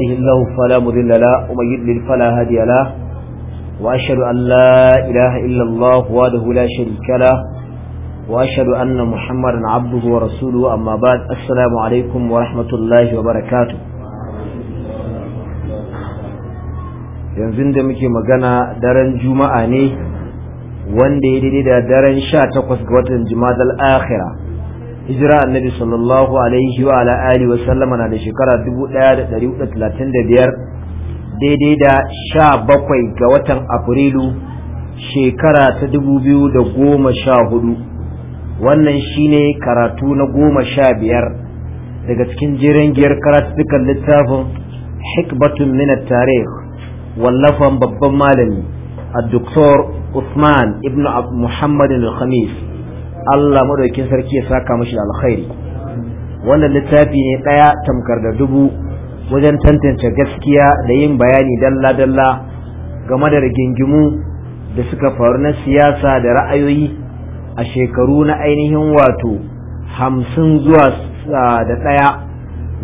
يهده الله فلا مذل له ومن يضلل فلا هادي له وأشهد أن لا إله إلا الله وحده لا شريك له وأشهد أن محمدا عبده ورسوله أما بعد السلام عليكم ورحمة الله وبركاته yanzu da muke magana daren juma'a ne wanda ya daidai da daren sha takwas ga watan jimadal akhira hijira annabi sallallahu alaihi wa ala alihi wa sallama na da shekara 1435 daidai da 17 ga watan afrilu shekara ta 2014 wannan shine karatu na 15 daga cikin jiran giyar karatukan littafin hikbatun min tarih tarikh wallafan babban malami a الدكتور عثمان ابن محمد khamis. Allah madaukin sarki ya saka mashi alkhairi wannan littafi ne ɗaya tamkar da dubu wajen tantance gaskiya da yin bayani dalla-dalla game da rigingimu da suka faru na siyasa da ra'ayoyi a shekaru na ainihin wato hamsin zuwa da ɗaya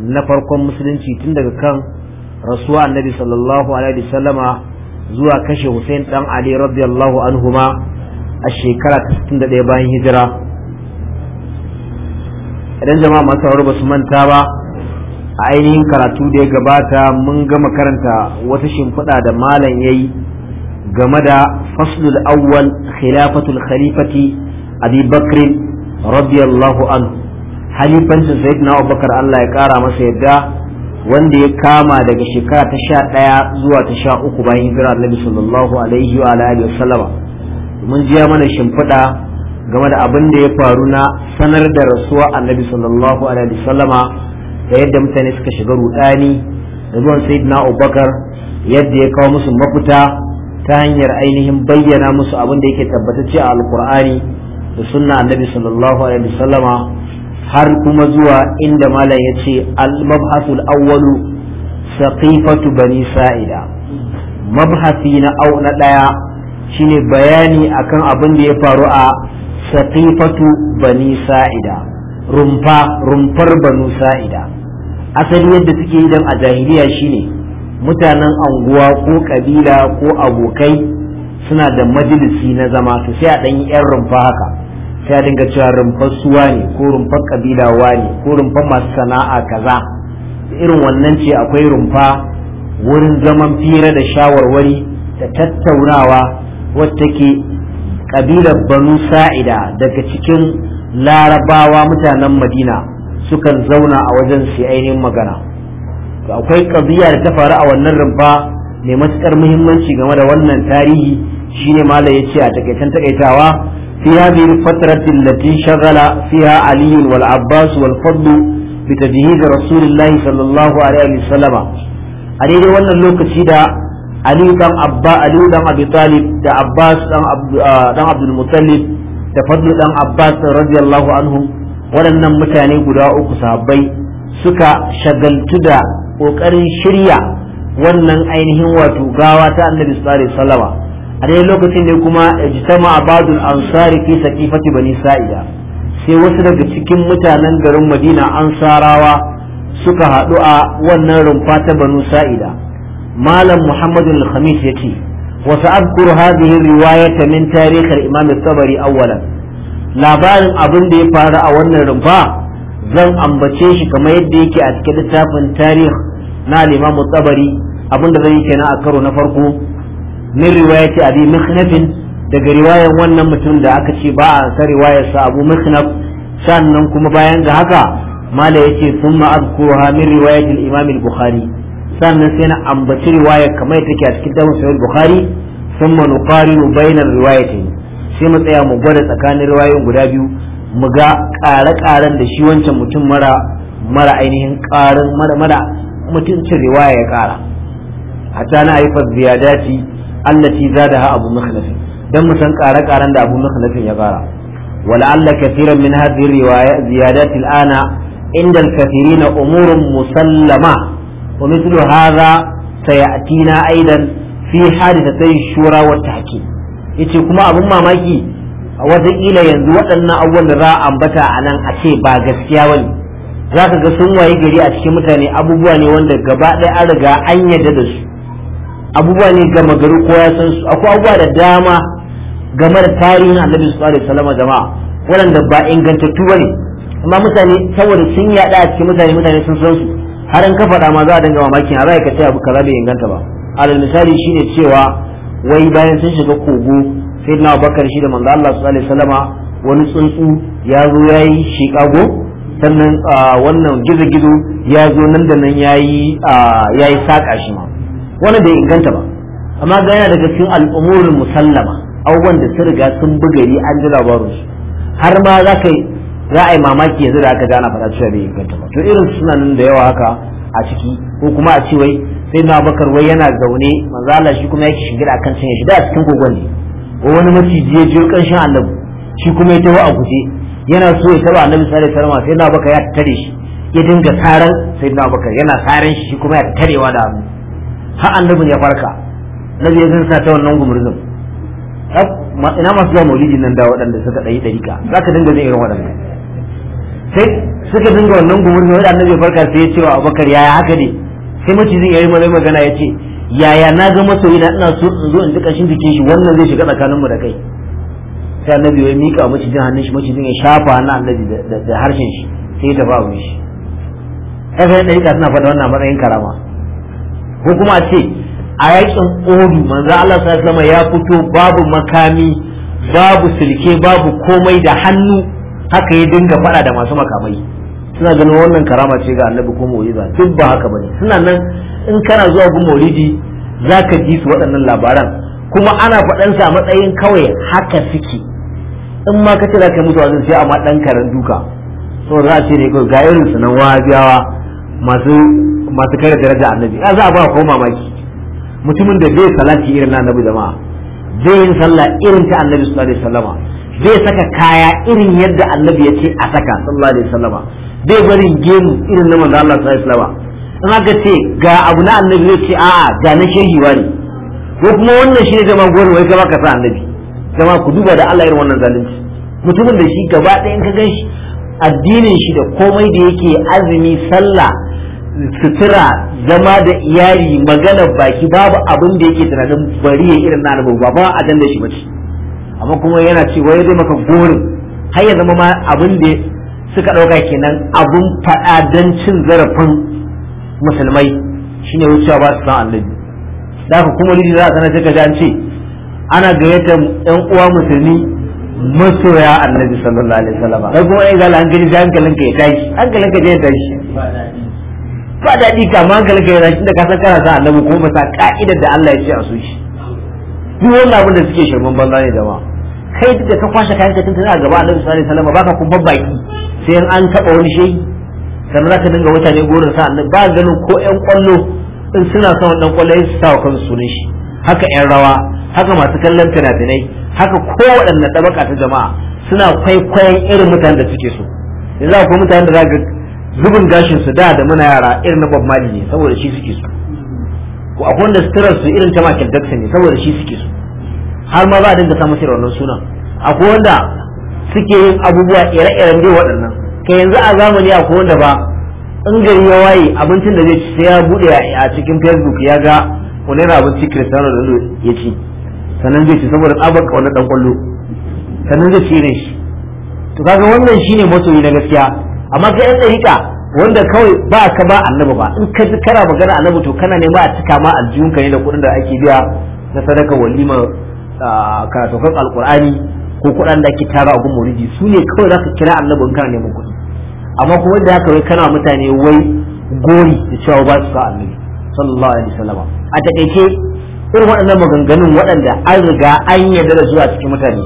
na farkon musulunci tun daga kan rasuwa annabi sallallahu alaihi wasallama zuwa kashe Hussein ɗan Ali radiyallahu anhuma a shekara ta 61 bayan hijira idan jama'a masu sauraro ba su manta ba a ainihin karatu da ya gabata mun gama karanta wata shimfiɗa da malam ya yi game da faslul awwal khilafatul khalifati abi bakrin radiyallahu anhu halifancin na abubakar allah ya kara masa yadda wanda ya kama daga shekara ta sha ɗaya zuwa ta sha uku bayan hijira annabi sallallahu alaihi wa alihi wa sallama mun jiya mana shimfiɗa game da abin da ya faru na sanar da rasuwa annabi sallallahu alaihi wasallama da yadda mutane suka shiga rudani da zuwan sayyidina abubakar yadda ya kawo musu mafita ta hanyar ainihin bayyana musu abin da yake tabbatacce a alkur'ani da sunna annabi sallallahu alaihi wasallama har kuma zuwa inda malam ya ce al-mabhasul awwalu saqifatu bani sa'ida mabhasi na au na daya shine bayani akan abin da ya faru a saqifatu bani sa'ida rumfa rumfar banu sa'ida asali yadda suke yi dan a jahiliya shine mutanen anguwa ko kabila ko abokai suna da majalisi na zama to sai a dan yi yan rumfa haka sai a dinga cewa rumfar suwa ne ko rumfar kabila ne ko rumfar masu sana'a kaza irin wannan ce akwai rumfa wurin zaman fira da shawarwari da tattaunawa wacce ke ƙabilar banu sa'ida daga cikin larabawa mutanen madina sukan zauna a wajen su ainihin magana akwai ƙabiya da ta faru a wannan rumfa mai matukar muhimmanci game da wannan tarihi shine malam yace a takaitan takaitawa fi hadhihi al-fatrati allati shaghala fiha Ali wal Abbas wal Fadl bi tajhiz Rasulillahi sallallahu alaihi a daidai wannan lokaci da aliyu dan abba dan abi talib da abbas dan ah, dan abdul muttalib da fadlu dan abbas radiyallahu anhu waɗannan mutane guda uku sahabbai suka shagaltu da ƙoƙarin shirya wannan ainihin wato gawa ta annabi sallallahu alaihi a dai lokacin ne kuma ijtama abadul ansari fi saqifati bani sa'ida sai wasu daga cikin mutanen garin madina ansarawa suka haɗu a wannan rumfa ta banu sa'ida malam muhammadu al-khamis ya ce wasu abkur hadhihi riwayata min tarihar imam sabari awwalan labarin abin da ya faru a wannan rumfa zan ambace shi kamar yadda yake a cikin littafin tarih na al-imam abin da zan yi kenan a karo na farko min riwayati abi mikhnafin daga riwayar wannan mutum da aka ce ba a san riwayar sa abu mikhnaf sannan kuma bayan ga haka mala yace thumma azkuruha min riwayatil imam al-bukhari sannan sai na ambaci riwaya kamar yadda take a cikin tafsirin sahih bukhari thumma nuqarinu bainar riwayatin sai mu tsaya mu gwada tsakanin riwayoyin guda biyu mu ga ƙare-ƙaren da shi wancan mutum mara mara ainihin ƙarin mara mara mutuncin riwaya ya ƙara hatta na haifar ziyadati allati zadaha abu mukhlafin dan mu san ƙare-ƙaren da abu mukhlafin ya ƙara kathiran min hadhihi هذه ziyadati al'ana inda al الكثيرين umurun Musallama? ومثل هذا سيأتينا أيضا في حادثتي الشورى والتحكيم yace kuma abin mamaki a ila yanzu waɗannan abubuwan da za a ambata a nan a ce ba gaskiya ne. za ka ga sun waye gari a cikin mutane abubuwa ne wanda gaba ɗaya an riga an yadda da su abubuwa ne gama gari ko ya san su akwai abubuwa da dama game da tarihin annabi sallallahu alaihi wasallam jama'a waɗanda ba ingantattu ne. amma mutane saboda sun yaɗa a cikin mutane mutane sun san su har in ka faɗa ma za a dinga mamakin a za ka ce abu kaza bai inganta ba alal misali shine cewa wai bayan sun shiga kogo sai na bakar shi da manzo Allah sallallahu alaihi wasallama wani tsuntsu ya zo yayi shikago sannan wannan gizo-gizo ya zo nan da nan yayi yayi saka shi ma wannan bai inganta ba amma ga yana daga cikin al'umurin musallama abubuwan da sun riga sun bugari an ji labarin su har ma za ka za a yi mamaki yanzu da aka gana faɗa cewa bai inganta ba to irin suna nan da yawa haka a ciki ko kuma a ce wai sai na bakar wai yana zaune manzo Allah shi kuma yake shigira akan cinye shi da a cikin kogon ne ko wani maciji ya jiyo kanshin annabi shi kuma ya tawo a guje yana so ya taba annabi sallallahu alaihi wasallam sai na bakar ya tare shi ya dinga taran sai na bakar yana taran shi kuma ya tarewa da hannu ha annabi ya farka nabi ya sa ta wannan gumurzin ina masu zuwa maulidi nan da waɗanda suka ɗayi ɗarika za ka dinga zai irin waɗanda sai suka dinga wannan gumurzu wani annabi farka sai ya ce wa abubakar yaya haka ne sai zai yi mai magana ya ce yaya na ga masoyi na ina so in zo in ji kashin jikin shi wannan zai shiga mu da kai sai annabi ya mika macijin hannun shi macijin ya shafa hannun annabi da harshen shi sai ya tafi abun shi sai sai ɗarika suna faɗa wannan matsayin karama ko kuma a ce a yakin odu manzo Allah sallallahu alaihi ya fito babu makami babu silke babu komai da hannu haka ya dinga faɗa da masu makamai suna ganin wannan karama ce ga annabi ko ba duk ba haka bane suna nan in kana zuwa gun za zaka ji su waɗannan labaran kuma ana faɗansa sa matsayin kawai haka suke in ma kace za ka mutu wazin sai amma dan karan duka to za a ce ne kawai ga irin su nan masu masu kare daraja annabi a za a ba ko mamaki mutumin da bai salati irin na annabi jama'a bai yin sallah irin ta annabi sallallahu alaihi wasallam zai saka kaya irin yadda annabi ya ce a saka sallallahu alaihi wasallama zai bari gemu irin na manzo Allah sallallahu alaihi wasallama in aka ce ga abu na annabi zai ce a'a ga na shehi wani ko kuma wannan shi ne zama gori wai gaba ka sa annabi zama ku duba da Allah irin wannan zalunci mutumin da shi gaba ɗaya in ka gan shi addinin shi da komai da yake azumi sallah sutura zama da iyali magana baki babu abin da yake tunanin bari ya irin na ba ba dan da shi bace amma kuma yana ce wai zai maka gorin har ya zama ma abin da suka ɗauka kenan abun faɗa don cin zarafin musulmai shine wucewa ba su san annabi da haka kuma lidi za a sanar shi ka an ce ana gayyatar yan uwa musulmi masoya annabi sallallahu alaihi wasallam Sai kuma ai zalla an gani sai ka ya tashi ka ya tashi ba daɗi ka ma hankalin ka tashi da ka san kana sa annabi kuma ba sa ka'idar da Allah ya ce a so shi duk wannan abin da suke shirman banza ne da ma kai da ka kwashe kayan ka tuntuna a gaba Annabi sallallahu Salama ba baka kuma baki sai an taba wani shehi sannan zaka dinga mutane gorin sa Annabi ba ganin ko ƴan kwallo in suna son wannan kwallo su sa kan sunan shi haka ƴan rawa haka masu kallon fina-finai haka waɗanne tabaka ta jama'a suna kwaikwayon irin mutanen da suke so yanzu akwai mutanen da zaka zubin gashin su da da muna yara irin na Bob Marley ne saboda shi suke so ko akwai wanda sitirar su irin ta Michael Jackson ne saboda shi suke har ma ba a dinga samun shirin wannan sunan akwai wanda suke yin abubuwa ire-iren dai waɗannan kai yanzu a zamani akwai wanda ba in gari ya waye abincin da zai ci sai ya bude a cikin facebook ya ga wani yana abinci cristiano ronaldo ya ci sannan zai ci saboda tsabar ka wani dan kwallo sannan zai ci irin shi to kaga wannan shine masoyi na gaskiya amma kai yan tsarika wanda kawai ba ka ba annabi ba in ka ji kana magana annabi to kana nema a cika ma aljihunka ne da kuɗin da ake biya na sadaka walima karatukan alkur'ani ko kuɗan da ake tara a gumuriji su ne kawai za su kira annabi in kana neman kuɗi amma kuma da haka wai kana mutane wai gori da cewa ba su ka annabi sallallahu alaihi wasallam a takaice irin waɗannan maganganun waɗanda an riga an yarda da su a cikin mutane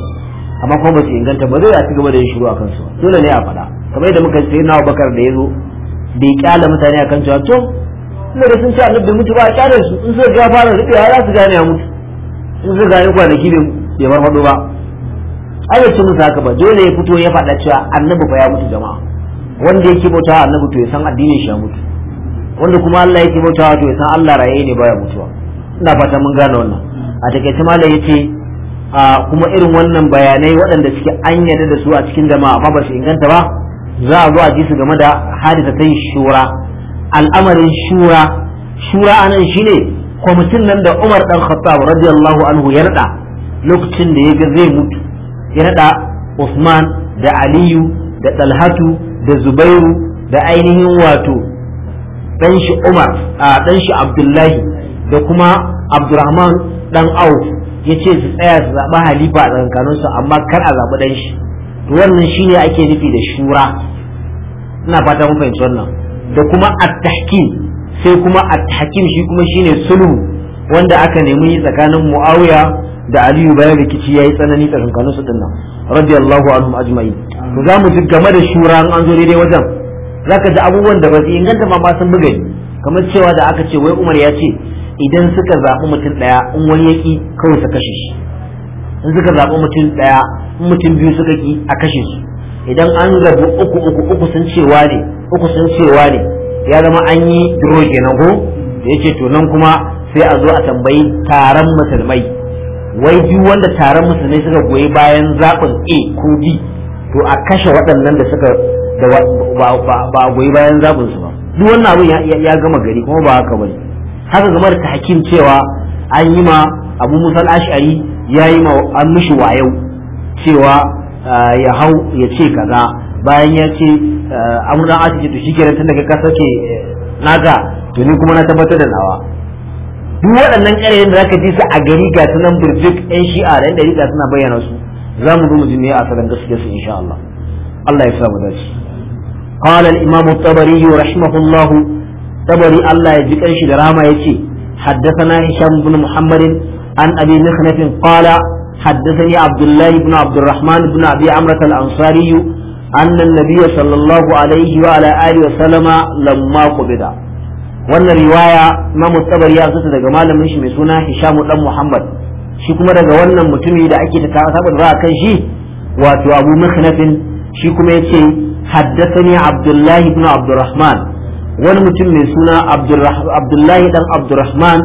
amma kuma ba su inganta ba zai a ci gaba da yin shiru a kansu dole ne a faɗa kamar yadda muka ce na bakar da ya zo bai kyala mutane kan cewa to da sun ce annabi mutu ba a ƙyale su in suka ga fara rubewa za su gane ya mutu in zai zayi kwanaki bai marmado ba ai bai cin musu haka ba dole ya fito ya faɗa cewa annabi fa ya mutu jama'a wanda yake bautawa annabi to ya san addinin shi ya mutu wanda kuma Allah yake bautawa to ya san Allah raye ne baya mutuwa ina fata mun gane wannan a takaice malam yace kuma irin wannan bayanai waɗanda suke an yarda da su a cikin jama'a ba ba su inganta ba za a zo a ji su game da hadisa ta shura al'amarin shura shura anan shine kwamitin nan da Umar dan Khattab radiyallahu anhu ya nada lokacin da ya ga zai mutu ya nada Usman da Aliyu da Talhatu da Zubairu da ainihin wato dan shi Umar a dan shi Abdullahi da kuma Abdurrahman dan Auf ce su tsaya su zaba halifa a tsakankanin su amma kar a zabi dan shi to wannan shine ake nufi da shura ina fata mun fahimci wannan da kuma at-tahkim sai kuma a hakim shi kuma shine sulhu wanda aka nemi tsakanin muawiya da aliyu bayan rikici yayi tsanani tsakankanin su dinnan radiyallahu anhum ajma'in to za mu ji game da shura an zo daidai wajen zaka ji abubuwan da ba su inganta ma sun buga kamar cewa da aka ce wai umar ya ce idan suka zaɓi mutum ɗaya in wani ya ƙi kawai su kashe shi in suka zaɓi mutum ɗaya in mutum biyu suka ƙi a kashe su idan an rabu uku uku uku sun cewa ne uku sun cewa ne ya zama an yi duro kenan ko ya ce to nan kuma sai a zo a tambayi taron musulmai wai duk wanda taron musulmai suka goyi bayan zaɓin a ko b to a kashe waɗannan da suka ba a goyi bayan zaɓin su ba duk wannan abin ya gama gari kuma ba haka bane haka game da hakim cewa an yi ma abu musal ash'ari ya yi ma an mishi wayau cewa ah, ya hau ya ce kaza bayan ya ce eh, amurna a ce to shi kenan tun daga ka ke eh, naka to ni kuma na tabbatar da nawa duk waɗannan ƙarayen da zaka ji su a gari ga su nan burjik yan shi'a da yan dariƙa suna bayyana su za mu zo mu ji ne a salon gaskiya su insha Allah Allah ya sa mu dace قال ya الطبري رحمه الله طبري الله يجزيك أنشد راما يتي حدثنا هشام بن محمد عن أبي مخنف قال حدثني عبد الله بن عبد الرحمن بن أبي عمرة الأنصاري أن النبي صلى الله عليه وعلى آله وسلم لما قبض wannan riwaya ma ya zuta daga malamin shi mai suna Hishamu ɗan Muhammad shi kuma daga wannan mutumi da ake ta sabar ba kan shi wato Abu Mikhnafin shi kuma yace haddasani Abdullahi ibn Abdurrahman wani mutum mai suna Abdullahi dan Abdurrahman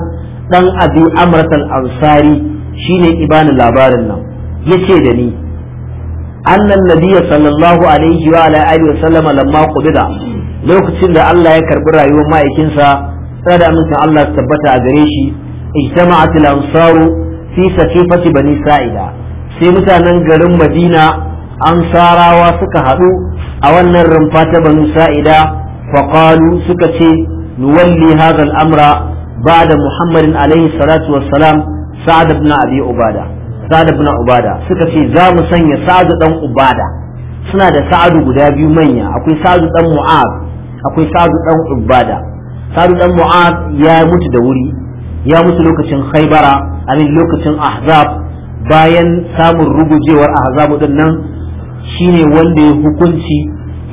dan Abi Amrat al-Ansari shine ibanin labarin nan yace da ni أن النبي صلى الله عليه وعلى آله وسلم لما قبض lokacin da Allah ya karbi rayuwar ma'aikinsa sai da amincin Allah su tabbata a gare shi ijtama'at al-ansaru fi sakifati bani sa'ida sai mutanen garin Madina ansarawa suka haɗu a wannan rumfa ta bani sa'ida faqalu suka ce nu hadha al-amra ba'da Muhammadin alaihi salatu wassalam sa'ad ibn abi ubada sa'ad ibn ubada suka ce za mu sanya sa'ad dan ubada suna da sa'adu guda biyu manya akwai sa'adu dan mu'ad akwai sa'adu dan ubada sa'adu dan mu'ad ya mutu da wuri ya mutu lokacin khaybara amin lokacin ahzab bayan samun rugujewar ahzab din nan shine wanda ya hukunci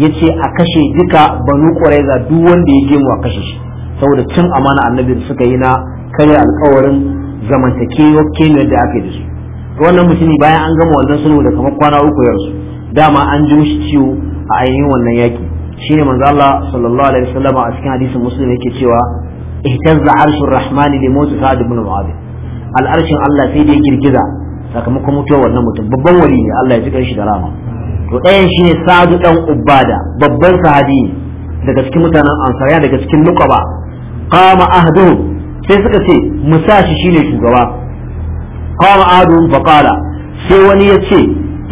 yace a kashe duka banu quraiza duk wanda ya gemu a kashe shi saboda cin amana annabi suka yi na karya alƙawarin zamantakewar kenan da aka yi da su wannan mutumi bayan an gama wannan sulhu da kamar kwana uku ya dama an ji mishi ciwo a ainihin wannan yaki shine manzo Allah sallallahu alaihi wasallam a cikin hadisin muslim yake cewa ihtazza arshur rahman li mawt sa'd ibn mu'adh al'arshin Allah sai da ya girgiza sakamakon mutuwar wannan mutum babban wali ne Allah ya ji shi da rama to ɗayan shine sa'd dan ubada babban sahabi daga cikin mutanen ansar ya daga cikin luqaba qama ahduhu sai suka ce musashi shine shugaba qama adun fa sai wani ya ce,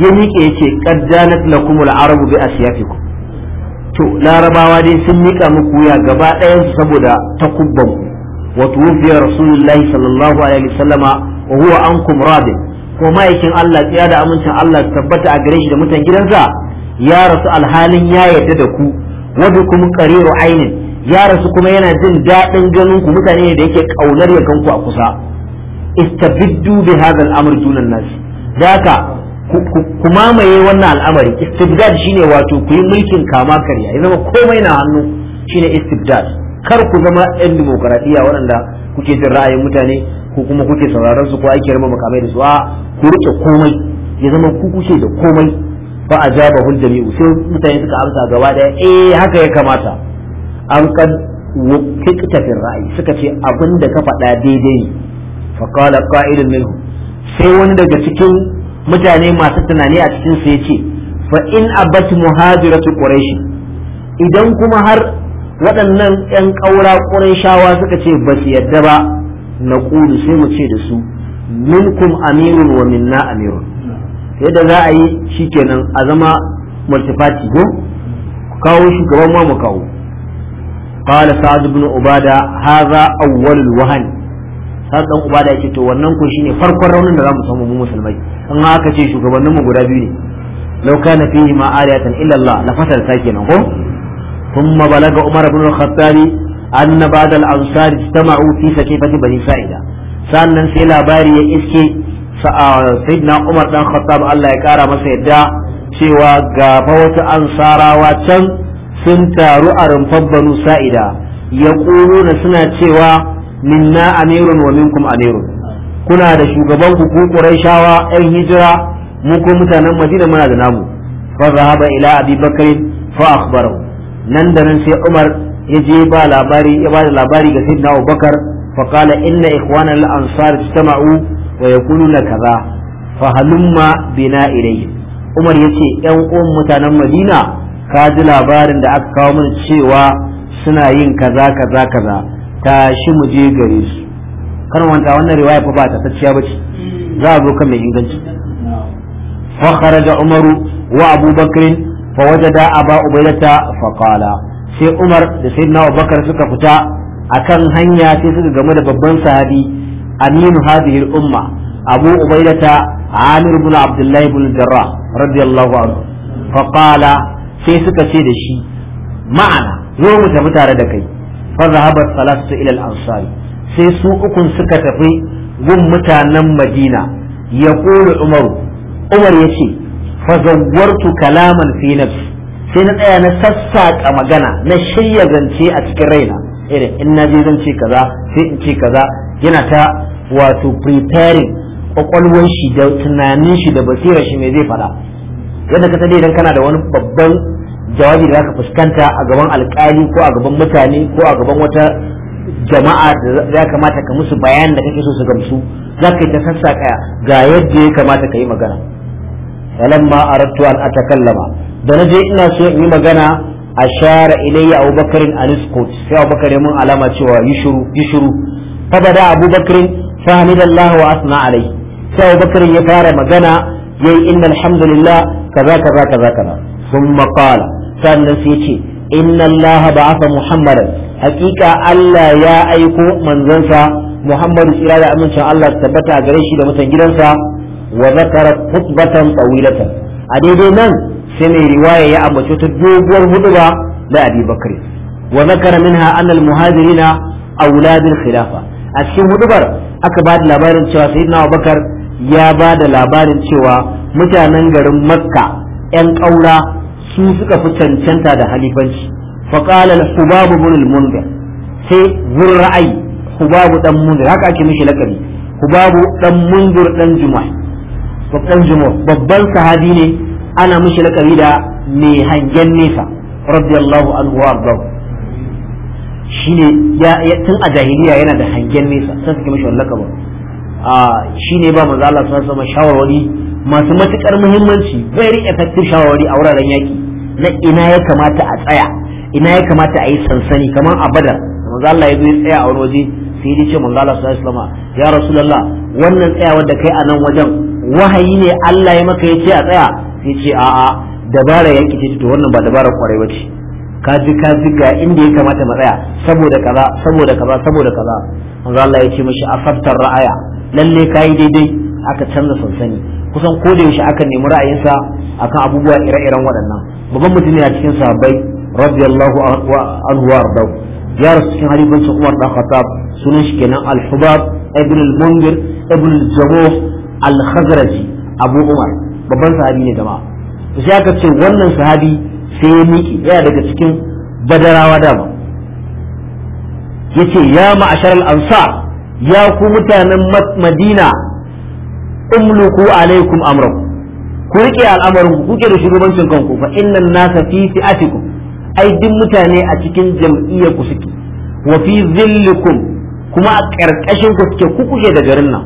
ya miƙe yace qad janat lakum al-arab bi asyafikum to larabawa dai sun miƙa muku ya gaba ɗayan su saboda takubban ku wa tuwfiya rasulullahi sallallahu alaihi wasallama wa huwa ankum ko ma'aikin Allah tsiya da amincin Allah tabbata a gare shi da mutan gidansa ya rasu alhalin ya yarda da ku wadda kuma ƙariru ainin ya rasu kuma yana jin daɗin ganin ku mutane da yake ƙaunar ya ganku a kusa istabiddu bi hadha al-amr dunan nas zaka ku mamaye wannan al'amari istibdad shine wato ku yi mulkin kama karya ya zama komai na hannu shine istibdad kar ku zama yan demokradiya waɗanda kuke jin ra'ayin mutane ko kuma kuke sauraron su ko ake rama makamai da su a ku rike komai ya zama ku kuke da komai ba a hul jami'u sai mutane suka amsa gaba daya eh haka ya kamata an kad wukita ra'ayi suka ce abin da ka faɗa daidai ne kala ƙa'ilin minhu sai wani daga cikin mutane masu tunani a cikin su yace fa in abat muhajiratu quraish idan kuma har waɗannan 'yan ƙaura qurayshawa suka ce ba su yadda ba na ƙulu sai mu ce da su minkum amirun wa minna amirun yadda za a yi shikenan a zama multiparty ko kawo shugaban ma mu kawo قال سعد بن عبادة هذا أول الوهن sa'ad dan da yake to wannan ko shine farkon raunin da zamu samu mu musulmai in haka ce shugabannin mu guda biyu ne law kana fihi ma aliyatan illa Allah la fatal sakinan ko thumma balaga umar ibn al-khattab anna ba'd al-ansar ijtama'u fi sakifati bani sa'ida sannan sai labari ya iske sayyidina umar dan khattab Allah ya kara masa yadda cewa ga fa wata ansarawa can sun taru a rumfar banu sa'ida ya suna cewa minna amirun wa minkum amirun kuna da shugaban ku ku quraishawa ai hijira mu ko mutanen madina muna da namu fa zahaba ila abi bakr fa akhbarahu nan da nan sai umar ya je ba labari ya ba labari ga sayyidina abubakar fa qala inna ikhwana al ansar istama'u wa yaquluna kaza fa halumma bina ilayhi umar yace yan uwan mutanen madina ka ji labarin da aka kawo mana cewa suna yin kaza kaza kaza tashi mu je gare su kar wanda wannan riwaya fa ba ta tacciya ce. za a zo kan mai inganci fa kharaja umaru wa abubakar fa wajada aba ubaidata fa qala sai umar da sayyidina abubakar suka fita akan hanya sai suka game da babban sahabi aminu hadhihi umma abu ubaidata عامر بن عبد الله بن الجراح رضي الله عنه sai suka ce da shi ma'ana zo mu tafi tare da kai fa zahabat salatu ila al-ansari sai su ukun suka tafi gun mutanen Madina ya kula Umaru Umar yace fa zawwartu kalaman fi sai na tsaya na sassaƙa magana na shirya zance a cikin raina irin in na je zance kaza sai in ce kaza yana ta wato preparing kwakwalwar shi da tunanin shi da basirar shi me zai faɗa yadda ka dai idan kana da wani babban jawabi da zaka fuskanta a gaban alkali ko a gaban mutane ko a gaban wata jama'a da ya kamata ka musu bayan da kake so su gamsu za ka yi ta sassaka ga yadda ya kamata ka yi magana falamma aradtu an atakallama da na je ina so in yi magana ashara ilayya abubakar an iskut sai abubakar ya mun alama cewa yishuru yishuru fa bada abubakar fa hamidallahu wa asna alai sai abubakar ya fara magana yayi innal hamdulillah kaza kaza kaza kaza ثم قال sannan sai ce inna allaha ba'atha muhammadan hakika allah ya aiko manzansa muhammadu tsira da amincin allah tabbata a gare shi da mutan gidansa wa zakara khutbatan tawilatan a daidai nan sai mai riwaya ya ambace ta doguwar huduba da abi bakr wa zakara minha anna al muhajirina auladul khilafa a cikin hudubar aka ba da labarin cewa sayyidina abubakar ya ba da labarin cewa mutanen garin makka 'yan ƙaura su suka fi cancanta da halifanci faƙalar hubabu bin munzir sai gun ra'ayi hubabu dan munzir haka ake mishi lakabi hubabu dan munzir dan juma'a babban sahabi ne ana mishi lakabi da mai hangen nesa radiyallahu anhu wa ardahu shine tun a jahiliya yana da hangen nesa sai suka mishi wannan lakabin ah, shine ba manzo Allah sallallahu alaihi shawarwari masu matukar muhimmanci very effective shawarwari a wuraren yaki na ina ya kamata a tsaya ina ya kamata a yi sansani kamar a badar manzo Allah ya zo ya tsaya a wani waje sai ya ce manzo Allah sallallahu alaihi wasallam ya rasulullah wannan tsayawar da kai a nan wajen wahayi ne Allah ya maka ya ce a tsaya sai ce a'a dabara yaki ce to wannan ba dabara kwarai ba ce ka ji ka ji ga inda ya kamata matsaya saboda kaza saboda kaza saboda kaza manzo Allah ya ce mishi afaftar ra'aya lalle kai daidai aka canza sansani kusan ko da yaushe aka nemi ra'ayinsa akan abubuwa ire-iren waɗannan babban mutum ne a cikin sahabbai radiyallahu anhu wa ya rasu cikin halifansa Umar da Khattab sunan shi kenan al-Hubab ibn al-Mundir ibn al al-Khazraji Abu Umar babban sahabi ne jama'a to sai aka ce wannan sahabi sai ya miƙe yana daga cikin badarawa dama yace ya ma'ashar al-ansar ya ku mutanen Madina umluku alaikum amrakum ku rike al'amarin ku kuke da shugabancin kanku fa innan nasa fi fi'atikum ai duk mutane a cikin jam'iyyar ku suke wa fi zillikum kuma a karkashin ku suke ku kuke da garin nan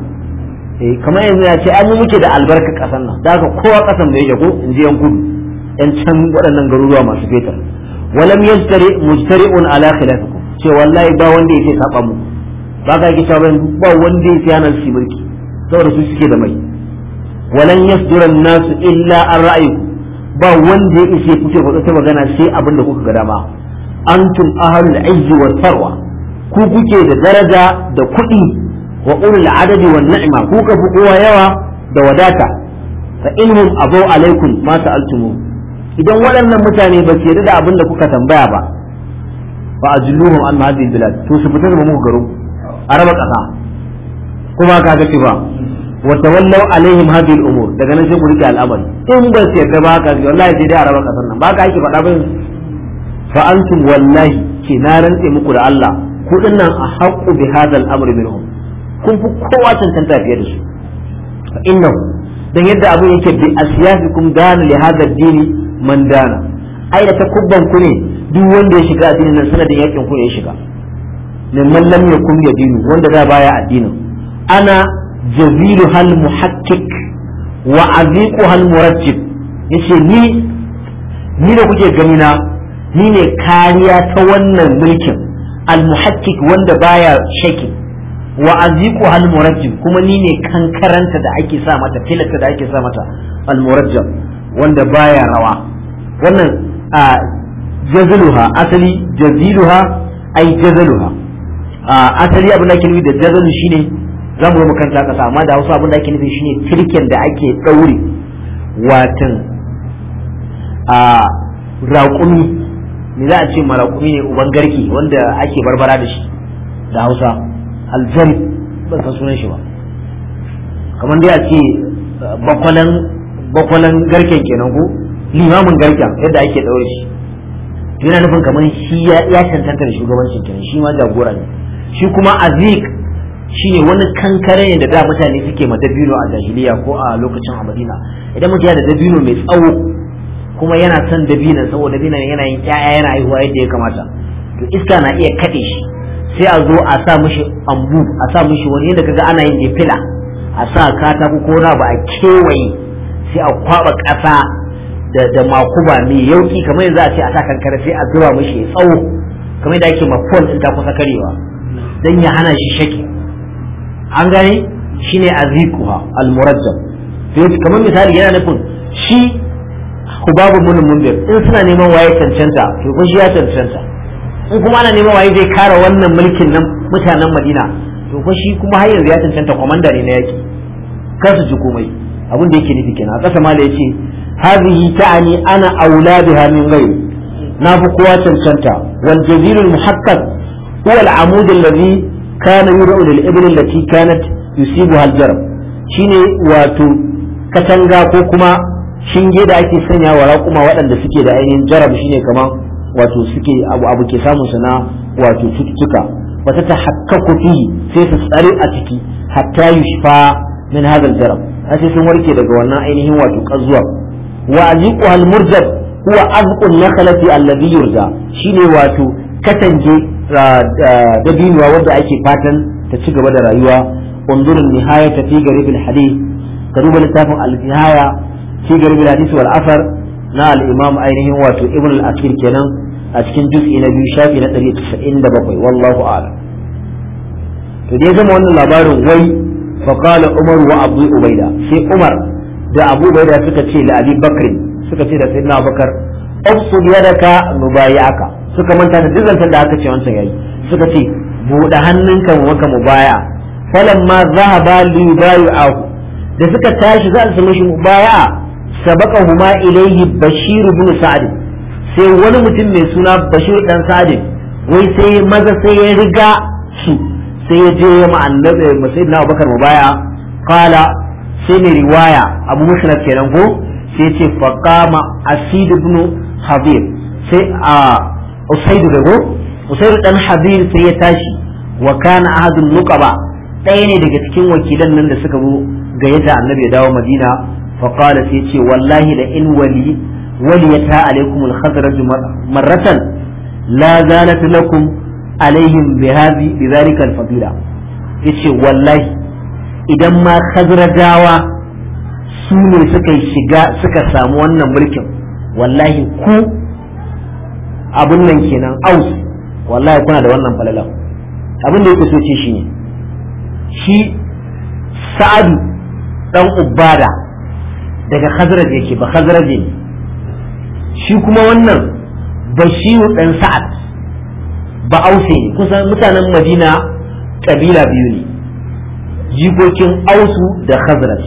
eh kamar yanzu ya ce ai mu muke da albarka kasan nan da haka kowa kasan da yake ko in je yan kudu yan can waɗannan garuruwa masu fetar walam yajtari mujtari'un ala khilafikum ce wallahi ba wanda yake saba mu ba ka ki ba wanda yake hana shi mulki saboda su suke da mai walan yasdura nasu illa an ra'ayiku ba wanda ya ishe kuke faɗa ta magana sai abin da kuka ga dama antum ahlul izzi wal farwa ku kuke da daraja da kuɗi wa ulul adadi wan ni'ma ku ka fi kowa yawa da wadata fa inhum abu alaikum ma sa'altumu idan waɗannan mutane ba su yarda da abin da kuka tambaya ba fa ajluhum an hadhihi bilad to su fitar da mu garin araba kasa kuma ka ga ba Wata tawallaw alaihim hadhihi al daga nan sai ku rike al'amari in ba su yarda ba ka wallahi sai dai a rabar kasar nan ba ka ake faɗa ba fa antum wallahi ke na rantse muku da Allah ku dinnan a haqqu bi hadha al minhum kun fi kowa cancanta fiye da su innahu dan yadda abu yake bi asyafikum dana li hadha ad-dini man dana ai da takubban ku ne duk wanda ya shiga addinin nan sanadin yakin ku ya shiga mimman lam yakun yadinu wanda da baya addinin ana jazilu hal muhakkik wa aziku hal murajjib yace ni ni da kuke gani na ni ne kariya ta wannan mulkin al muhakkik wanda baya shaki wa aziku hal murajjib kuma ni ne kankaranta da ake sa mata filata da ake sa mata al murajjab wanda baya rawa wannan a jazaluha asali jaziluha ai jazaluha asali abin da ke nufi da jazalu shine za mu mu kanta kasa amma da wasu abin da ake nufi shine tirkin da ake ɗaure watan a raƙumi ne za a ce ma raƙumi ne uban garki wanda ake barbara da shi da hausa aljari ban san sunan shi ba kamar dai a ce bakwalan bakwalan garken kenan ko limamin garken yadda ake ɗaure shi yana nufin kamar shi ya cancanta da shugabancin kenan shi ma jagora ne shi kuma azik shine wani kankare ne da da mutane suke ma dabino a jahiliya ko a lokacin a idan mutum da dabino mai tsawo kuma yana son dabinan saboda dabina yana yin ƴaƴa yana haihuwa yadda ya kamata to iska na iya kaɗe shi sai a zo a sa mishi ambu a sa mishi wani yadda kaga ana yin defila a sa katako ko na ba a kewaye sai a kwaba ƙasa da da makuba mai yauki kamar yanzu a ce a sa kankare sai a zuba mishi tsawo kamar yadda ake ma pole ta kusa karewa dan ya hana shi shaki an gane shine aziquha al kamar misali yana nufin shi hubabu mun mundir in suna neman waye cancanta to shi ya cancanta in kuma ana neman waye zai kare wannan mulkin nan mutanen Madina to ko shi kuma har yanzu ya cancanta kwamanda ne na yaki kar su ji komai abin da yake nufi kenan a ƙasa mala yace hadhihi ta'ani ana aula biha min ghayri na fi kowa cancanta wal jazirul muhaqqaq huwa al-amud alladhi kana yura'u lil ibn allati kanat yusibu hal jarab shine wato katanga ko kuma shinge da ake sanya wa raƙuma waɗanda suke da ainihin jarab shine kamar wato suke abu abu ke samun su na wato cututtuka wata ta hakkaku fihi sai su tsare a ciki hatta yushfa min hadal jarab sai sun warke daga wannan ainihin wato kazuwa wa aziqu al murjab huwa azqu nakhlati alladhi yurza shine wato katange dabinuwa wadda ake fatan ta ci gaba da rayuwa undurin nihaya ta fi garibin hadith ka duba littafin al-nihaya fi garibin hadith wal asar na al-imam ainihin wato ibn al-asir kenan a cikin juz'i na biyu shafi na 197 wallahu a'lam to dai gama wannan labarin wai fa qala umar wa abu ubaida sai umar da abu ubaida suka ce la abi bakr suka ce da sayyidina abubakar afsud yadaka aka. suka manta da duk da aka ce wancan yayi suka ce buɗe hannunka mu maka za falamma ba li ahu da suka tashi za su mishi baya sabaka huma ilayhi bashir ibn sa'd sai wani mutum mai suna bashir dan sa'd wai sai maza sai ya riga su sai ya je ya ma'annabi sayyidina abubakar baya. qala sai mai riwaya abu musnad kenan ko sai ya ce faqama asid ibn habib sai a ah, usaidu dago usaidu ɗan habir sai ya tashi wa Ahadin ahadun nuqaba ɗaya ne daga cikin wakilan nan da suka zo gayyata annabi ya dawo madina fa qala ce wallahi da in wali waliyata alaikum al-khazraj marratan la zalat lakum alaihim bihadhi bidhalika al-fadila yace wallahi idan ma khazragawa su ne suka shiga suka samu wannan mulkin wallahi ku abun nan kenan aus wallahi kuna da wannan falalan abin da yake so ce shi ne shi sa'adu dan ubada daga khazraj yake ba khazraj ne shi kuma wannan bashiru dan sa'ad ba kusan mutanen madina kabila biyu ne jikokin ausu da khazraj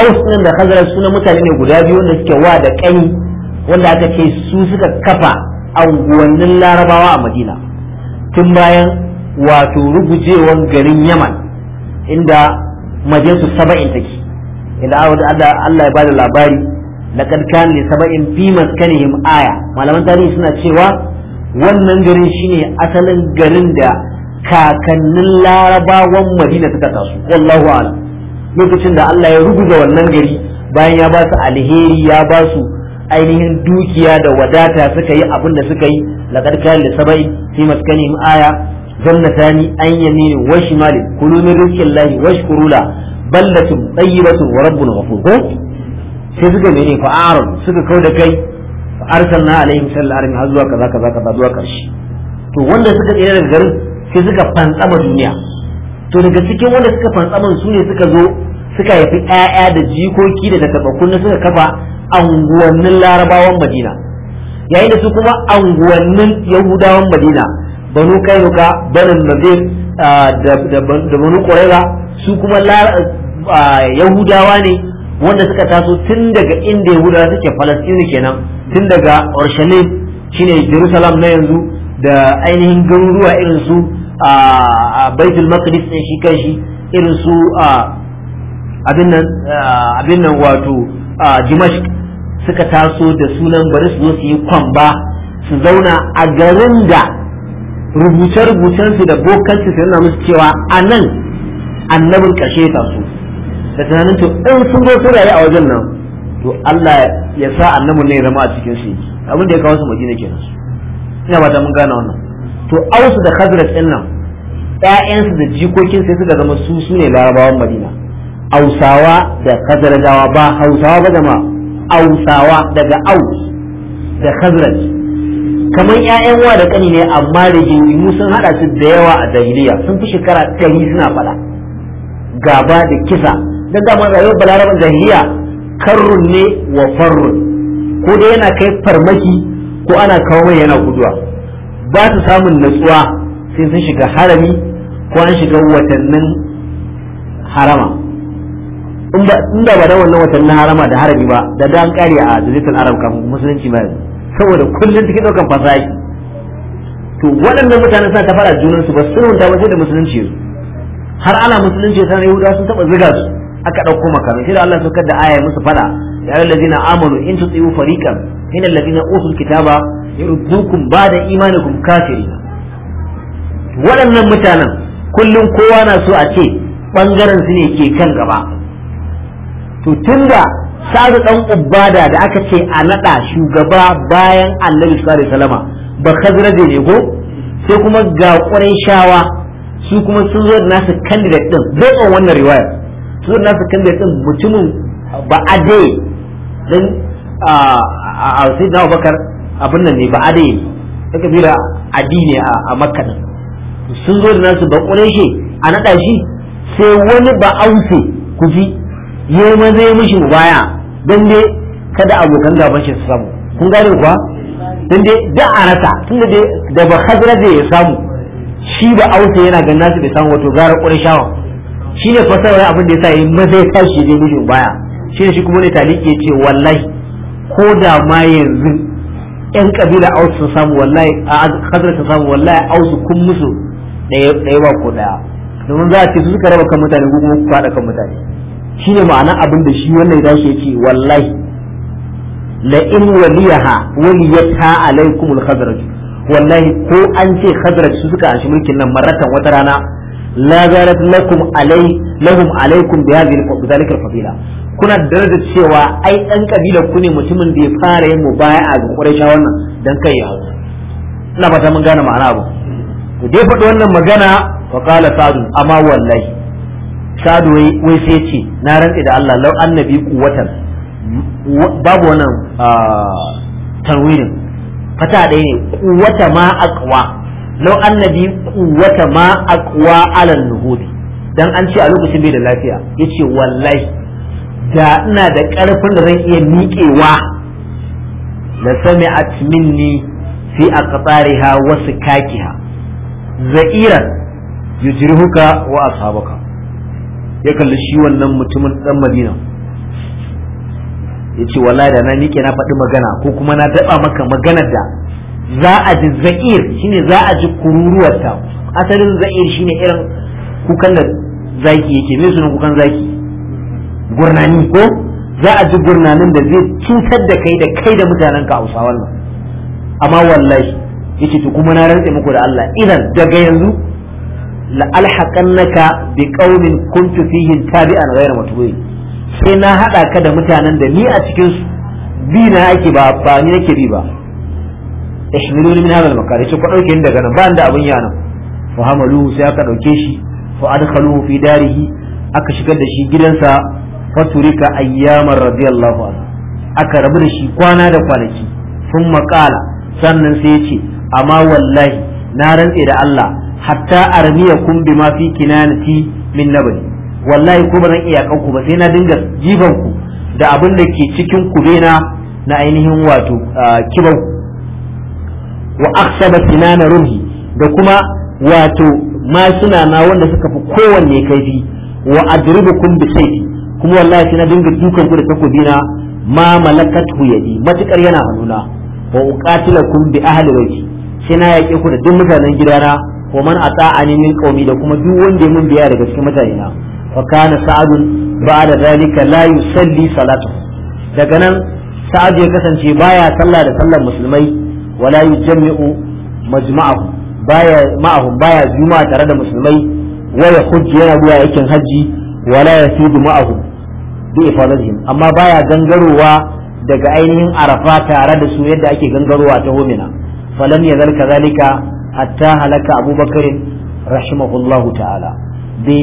aus ɗin da khazraj suna mutane ne guda biyu wanda suke wa da kani wanda aka ce su suka kafa anguwannin larabawa a madina tun bayan wato rugujewan garin yaman inda majinsu saba'in take wajen Allah ya bada labari laqad kana li saba'in fi maskanihim aya malaman tarihi suna cewa wannan garin shine asalin garin da kakannin larabawan madina suka su. wallahu a'lam lokacin da Allah ya ruguza wannan gari bayan ya ba su alheri ya ba su ainihin dukiya da wadata suka yi abin da suka yi laqad kana li sabai fi maskanihim aya jannatani an yamini wa shimali kulu min rizqillahi washkuru la ballatun tayyibatun wa rabbun ghafur ko sai suka mene fa aron suka kau da kai fa arsalna alaihim sallallahu alaihi wasallam zuwa kaza kaza kaza zuwa karshe to wanda suka tsira daga garin sai suka fantsama duniya to daga cikin wanda suka fantsama su ne suka zo suka haifi ƴaƴa da jikoki da tabakkun suka kafa anguwannin larabawan madina yayin da su kuma anguwannin yahudawan madina banu kainuka banu nadir da banu ƙwararra su kuma yahudawa ne wanda suka taso tun daga inda yahudawa suke falastini kenan tun daga urshalim shine jerusalem na yanzu da ainihin garuruwa irin su a baitul maqdis ɗin shi kanshi irin su abin nan wato a dimashq suka taso da sunan bari su zo su yi kwamba su zauna a garin da rubuce-rubucensu da bokansu su nuna musu cewa a nan annabin ƙarshe ta su da tunanin to in sun zo su rayu a wajen nan to Allah ya sa annabin ne zama a cikin su abin da ya kawo su madina kenan ina ba ta mun gane wannan to ausu da khazraj din nan ƴaƴansu da jikokin sai suka zama su sune ne larabawan madina ausawa da khazragawa ba hausawa ba jama ausawa daga au da khazraj kamar 'ya'yan wa da kani ne amma rigingimu sun hada su da yawa a jahiliya sun fi shekara ɗari suna faɗa gaba da kisa don dama rayuwar balaraban jahiliya karrun ne wa farrun ko dai yana kai farmaki ko ana kawo mai yana guduwa ba su samun natsuwa sai sun shiga harami ko an shiga watannin harama in da ba da wannan watan na harama da harami ba da da an kare a jaziratul arab kan musulunci ma saboda kullum take daukan fasahi to waɗannan mutanen sa ta fara junan su ba su hunta ba sai da musulunci yanzu har ana musulunci sai yahuda sun taba zuga su aka dauko makaru. sai da Allah saukar da aya musu fada ya allazina amanu in tusiu fariqan hina allazina usul kitaba yurdukum ba'da imanikum kafirin waɗannan mutanen kullum kowa na so a ce bangaren su ne ke kan gaba to tunda sa'adu dan ubada da aka ce a nada shugaba bayan annabi sallallahu alaihi ba khazraje ne go sai kuma ga shawa su kuma sun zo da nasu candidate din bai wannan riwaya su da nasu candidate din mutumin ba ade din a sai da Abubakar abin nan ne ba ade ne kabila adi ne a Makka din sun zo da nasu ba shi a nada shi sai wani ba aufe ku ji ya maza ya mishi baya don dai kada abokan gaban shi su samu kun gane kuwa don dai da a rasa tun da da ba hazara da ya samu shi da auta yana ganin nasu da samu wato gara shawa shi ne fasarar abin da ya sa ya mazai tashi zai mishi baya shi ne shi kuma ne taliki ya ce wallahi ko da ma yanzu yan kabila auta sun samu wallahi a hazara sun samu wallahi auta kun musu ɗaya ba ko ɗaya domin za a ce su suka raba kan mutane ko kuma faɗa kan mutane shi ne ma'ana abin da shi wannan idan shi yake wallahi la in waliyaha waliyata alaikumul khazraj wallahi ko an ce khazraj su suka anshi mulkin nan maratan wata rana la zarat lakum alai lahum alaikum bi hadhihi bidhalika fadila kuna da darajar cewa ai dan kabila ku ne mutumin da ya fara yin mubaya'a ga quraisha wannan dan kai ya hawo ina fata mun gane ma'ana ba to dai faɗi wannan magana fa qala sa'd amma wallahi sadu wai sai ce na rantse da Allah lau annabi kuwatan babu wannan ah, tanwirin fata ɗaya ne kuwata ma aqwa lau annabi kuwata ma aqwa alal nuhudi dan an ce a lokacin bai da lafiya yace wallahi da ina da karfin da zan iya miƙewa la sami'at minni fi aqtariha wa kakiha za'iran yujrihuka wa ashabaka ya kalli shi wannan mutumin dan madina ya ce wallahi da na nike na faɗi magana ko kuma na daɓa maka maganar da za a ji za'ir shine za a ji kururuwarta asalin za'ir shine irin kukan da zaki yake me sunan kukan zaki gurnani ko za a ji gurnanin da zai cutar da kai da kai da mutanen ka hausa nan amma wallahi yace to kuma na rantse muku da Allah idan daga yanzu la alhaqannaka bi qaumin kuntu a tabi'an ghayra matbu'i sai na haɗa ka da mutanen da ni a cikin su bi na ake ba ba ni nake bi ba ishmiluni min hadha al-makan yace ku dauke ni daga nan ba da abun yana fa hamalu sai aka dauke shi fa adkhaluhu fi darihi aka shigar da shi gidansa faturika ayyaman radiyallahu anhu aka rabu da shi kwana da kwanaki sun makala sannan sai ya ce amma wallahi na rantse da Allah hatta armiyakum bima fi kinanati min nabli wallahi ko ba zan iya kanku ba sai na dinga jiban ku da abin da ke cikin kubena na ainihin wato kibau wa aksaba sinana ruhi da kuma wato masuna na wanda suka fi kowanne kaifi wa adribukum bi sayfi kuma wallahi na dinga dukan ku da takobina ma malakatu yadi matukar yana hannuna wa uqatilakum bi ahli baiti sai na yake ku duk mutanen gidana wa man ata'ani min qaumi da kuma duk wanda mun biya daga cikin mutane na fa kana sa'adun ba'da zalika la yusalli salatu daga nan sa'ad ya kasance baya sallah da sallar musulmai wala yujammi'u majma'ahu baya ma'ahum baya juma'a tare da musulmai waya hujji yana zuwa yakin haji wala yasudu ma'ahum bi ifadatihim amma baya gangarowa daga ainihin arafa tare da su yadda ake gangarowa ta homina falam yazal kadhalika hatta halaka abubakar rahimahullahu ta'ala bai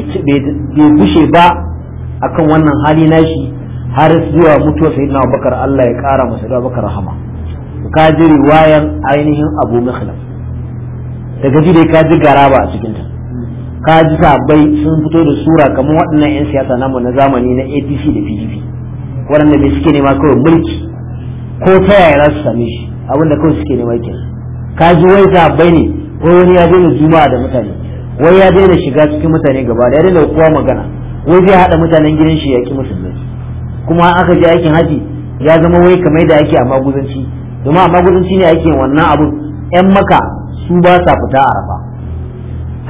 bushe ba akan wannan hali nashi har zuwa mutuwa sayyidina abubakar Allah ya kara masa da abubakar rahama ka ji riwayan ainihin abu mikhlaf daga ji dai ka ji garaba a cikin ta ka ji sabai sun fito da sura kamar waɗannan 'yan siyasa namu na zamani na apc da pdp waɗanda mai suke nema kawai mulki ko ta yaya za su same shi abinda kawai suke nema kenan ka ji wai sabai ne wai wani ya daina juma'a da mutane wai ya daina shiga cikin mutane gaba da ya daina kowa magana wai zai haɗa mutanen gidan shi ya ki musulunci kuma aka je aikin haji ya zama wai kamar da ake a maguzanci domin a maguzanci ne ake wannan abun yan maka su ba sa fita a rafa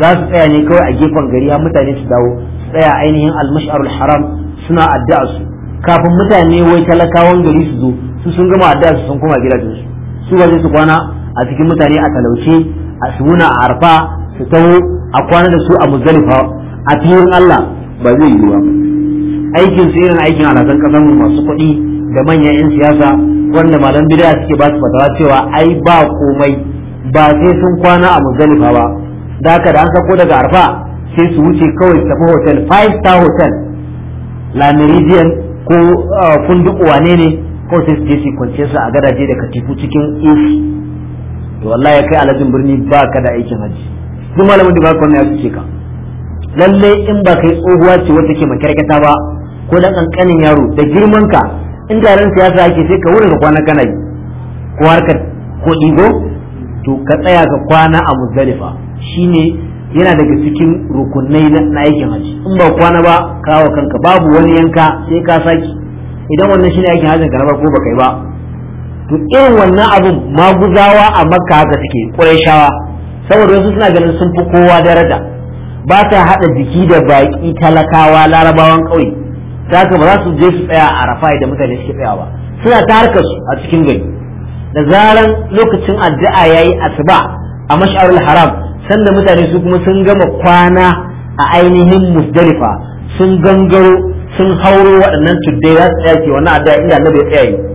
za su tsaya ne kawai a gefen gari ya mutane su dawo su tsaya ainihin almash'arul haram suna addu'a su kafin mutane wai talakawan gari su zo su sun gama addu'a su sun koma gidajensu su ba zai su kwana a cikin mutane a talauce a a arfa su taho a kwana da su a muzalifa a cikin Allah ba zai yi ba aikin su irin aikin alhazan kasan masu kuɗi da manyan 'yan siyasa wanda malam bidaya suke ba su fatawa cewa ai ba komai ba sai sun kwana a muzalifa ba da haka da an sako daga arfa sai su wuce kawai su tafi hotel five star hotel la meridian ko uh, funduku wane ne ko sai su je su kwance su a gadaje da katifu cikin to wallahi kai alhajin birni ba ka da aikin haji duk malamin da ba ya suke ka lalle in ba kai tsohuwa ce wata ke makarkata ba ko da kankanin yaro da girman ka in taron siyasa ake sai ka wurin ka kwana kana yi ko harkar ko ɗigo to ka tsaya ka kwana a muzdalifa shine yana daga cikin rukunai na aikin haji in ba kwana ba kawo kanka babu wani yanka sai ka saki idan wannan shine aikin hajjin ka ba ko ba kai ba to irin wannan abun maguzawa a makka haka suke ƙurayshawa saboda wasu suna ganin sun fi kowa daraja ba ta haɗa jiki da baƙi talakawa larabawan ƙauye ta haka ba za su je su tsaya a arafa idan mutane suke tsaya ba suna ta harkar su a cikin gari da zaran lokacin addu'a yayi asuba a mash'arul haram sanda mutane su kuma sun gama kwana a ainihin musdalifa sun gangaro sun hauro waɗannan tuddai za su tsaya ke wannan addu'a inda annabi ya tsaya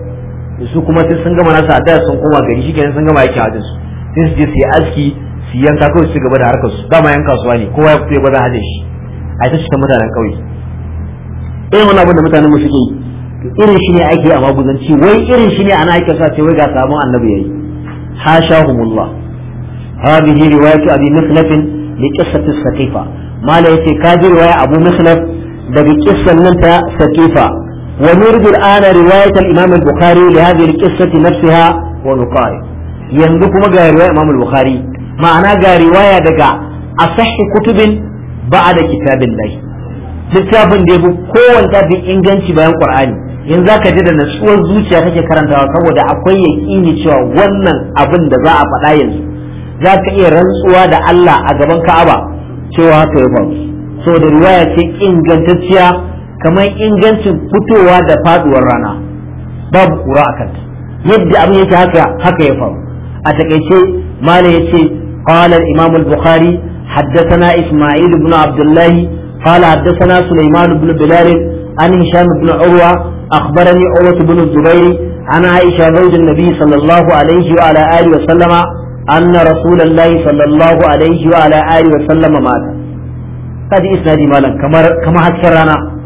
su kuma sai sun gama nasu addu'a sun koma gari shikenan sun gama aikin hajjin su sai su je su yi aski su yanka kawai su gaba da harkar su dama yan kasuwa ne kowa ya fito ya gwada hajjin shi a ita cikin mutanen kauye irin wani abin da mutanen mu suke irin shi ne ake a maguzanci wai irin shi ne ana ake sa ce wai ga samun annabi yayi hashahumullah هذه رواية أبي مخلف لقصة السقيفة ما لا يتكاد رواية أبو مخلف daga kissan nan ta sakifa ونريد الآن رواية الإمام البخاري لهذه القصة نفسها ونقارب yanzu kuma ga riwaya Imam Bukhari ma'ana ga riwaya daga asahhi kutubin da kitabin lahi littafin da fi kowanne tafi inganci bayan Qur'ani yanzu zaka ji da natsuwar zuciya kake karantawa saboda akwai ya yaƙini cewa wannan abin da za a faɗa yanzu za ka iya rantsuwa da Allah a gaban Ka'aba cewa haka ya faru saboda riwaya ce ingantacciya kamar ingancin fitowa da faduwar rana babu kura a kanta yadda abin yake haka haka ya faru a takaice malam yace qala al-imam al-bukhari haddathana isma'il ibn abdullah qala haddathana sulaiman ibn bilal an hisham ibn urwa akhbarani urwa ibn zubair an aisha zawj an-nabi sallallahu alaihi wa ala alihi wa sallama anna rasulullahi sallallahu alaihi wa ala alihi wa sallama mata kadi isnadi malam kamar hasken rana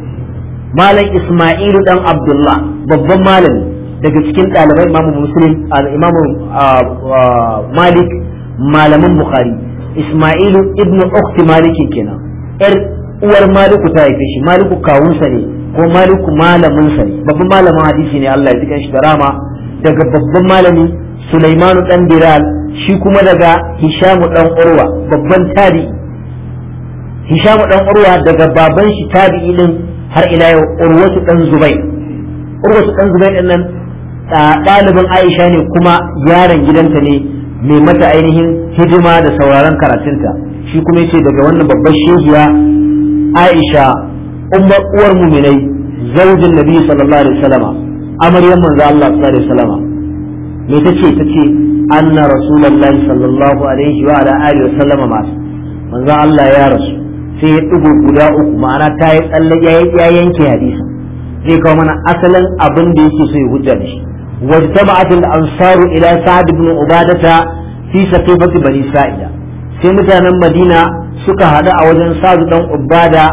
malam Ismailu dan Abdullah babban malami daga cikin ɗalibai imamu muslim imamu ah, ah, malik malamin bukhari Ismailu ibn ukti maliki kenan yar uwar maliku ta haife shi maliku kawunsa ne ko maliku malamin sa ne babban malamin hadisi ne Allah ya ji shi da rama daga babban malami Sulaimanu dan Biral shi kuma daga Hishamu dan Urwa babban tabi'i Hishamu dan Urwa daga baban shi tabi'i din har ila yau urwatu dan Zubai urwatu dan Zubai din nan ɗalibin aisha ne kuma yaron gidanta ne mai mata ainihin hidima da sauraron karatunta shi kuma yace daga wannan babban shehiya aisha umma uwar muminai zaujin nabi sallallahu alaihi wasallama amaryan manzo Allah sallallahu alaihi wasallama me tace tace anna rasulullahi sallallahu alaihi wa ala alihi wasallama mas manzo Allah ya rasu sai ya ɗigo guda uku ma'ana ta yi tsalle ya yanke hadisi zai kawo mana asalin abin da yake so ya hujja da shi wajtaba'at al-ansaru ila sa'ad ibn ubadata fi saqifati bani sa'ida sai mutanen madina suka haɗu a wajen sa'ad dan ubada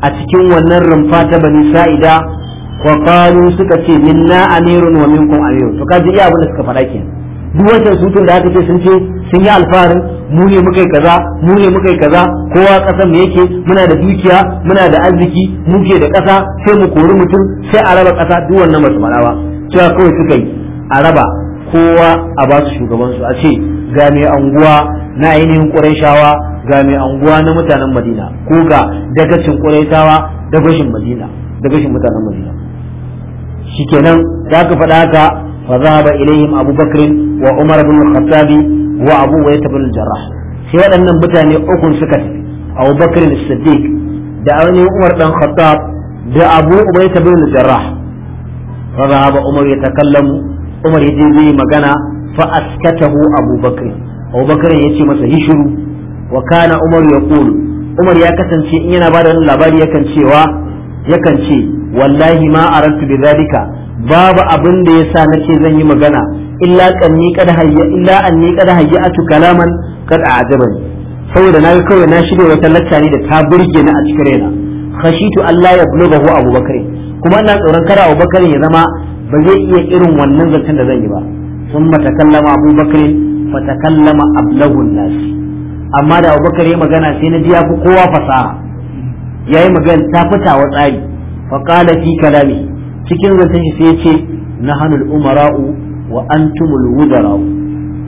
a cikin wannan rumfa ta bani sa'ida wa qalu suka ce minna amirun wa minkum amirun to kaji iya abin da suka faɗa kenan duk wancan sutun da aka ce sun ce sun yi alfaharin mu ne muka yi kaza mu ne muka yi kaza kowa kasan mu yake muna da dukiya muna da arziki muke da kasa sai mu kori mutum sai a raba kasa duk wannan masu marawa cewa kawai suka yi a raba kowa a ba su shugaban su a ce ga mai anguwa na ainihin ƙurayshawa ga mai anguwa na mutanen Madina ko ga dagacin ƙurayshawa da gashin Madina da gashin mutanen Madina shikenan da ka faɗa haka fa zaba ilaihim Abu Bakr wa Umar ibn Khattabi wa abu wa ibn al-jarrah sai waɗannan mutane ukun suka tafi Abu Bakr as-Siddiq da wani Umar dan Khattab da Abu Ubayda ibn al-Jarrah fa zahaba Umar ya takallamu Umar ya zai magana fa askatahu Abu Bakr Abu Bakr ya ce masa hishuru wa kana Umar ya qulu Umar ya kasance in yana bada wani labari yakan cewa yakan ce wallahi ma aradtu bi zalika babu abin da yasa nace zan yi magana illa kanni kad hayya illa anni kad hayyatu kalaman kad a'jabani saboda na ga kawai na shirya wata lacca ne da ta burge ni a cikin raina khashitu Allah ya bulughahu Abu Bakar kuma ina tsoron kada Abu Bakar ya zama ba zai iya irin wannan zancen da zan yi ba ثم تكلم أبو بكر فتكلم أبلغ الناس amma da abubakar ya magana sai na ji ya fi kowa fasaha ya yi magana ta fita wa tsari fa qala fi kalami cikin zancen shi sai ya ce na hanul umara'u wa antumul wuzara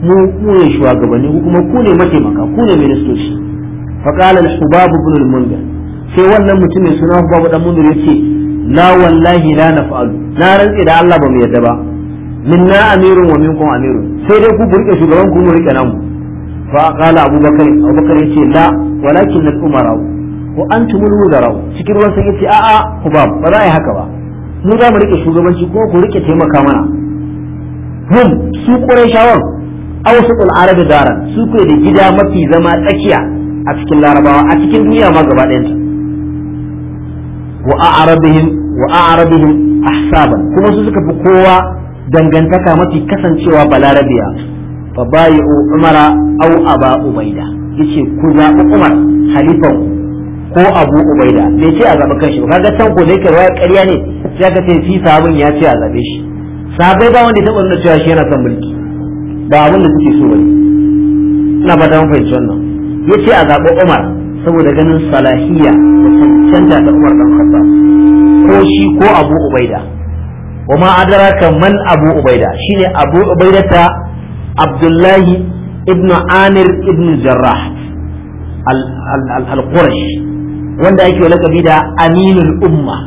mu ku ne shugabanni ku kuma ku ne mataimaka ku ne ministoci fa qala al-hubab ibn al-mundir sai wannan mutumin suna hubab dan mundir yace la wallahi la naf'alu na rantsi da Allah ba mu yadda ba minna amirun wa minkum amirun sai dai ku burke shugaban ku mu rike namu fa qala abubakar abubakar yace la walakin al-umara wa antumul wuzara cikin ruwan sai yace a'a hubab ba za a yi haka ba mu za mu rike shugabanci ko ku rike taimaka mana hum su qurayshawan awsatul arab daran su ke da gida mafi zama tsakiya a cikin larabawa a cikin duniya ma gaba ta. wa a'rabihim wa a'rabihim ahsaban kuma su suka fi kowa dangantaka mafi kasancewa balarabiya fa bayu umara aw aba ubaida yace ku zaɓi umar halifan ko abu ubaida bai ce a zaɓi kanshi ba kaga can ko da kai waya ƙarya ne sai ka ce fi sabon ya ce a zaɓe shi sabai ba wanda ya taɓa nuna cewa shi yana son mulki ba abin da suke so bane ina fata mun fahimci wannan yace a zaɓi Umar saboda ganin salahiyya da canja da Umar dan Khattab ko shi ko Abu Ubaida wa ma adraka man Abu Ubaida shine Abu Ubaida ta Abdullahi ibn Amir ibn Jarrah al qurash wanda ake lakabi da Aminul Umma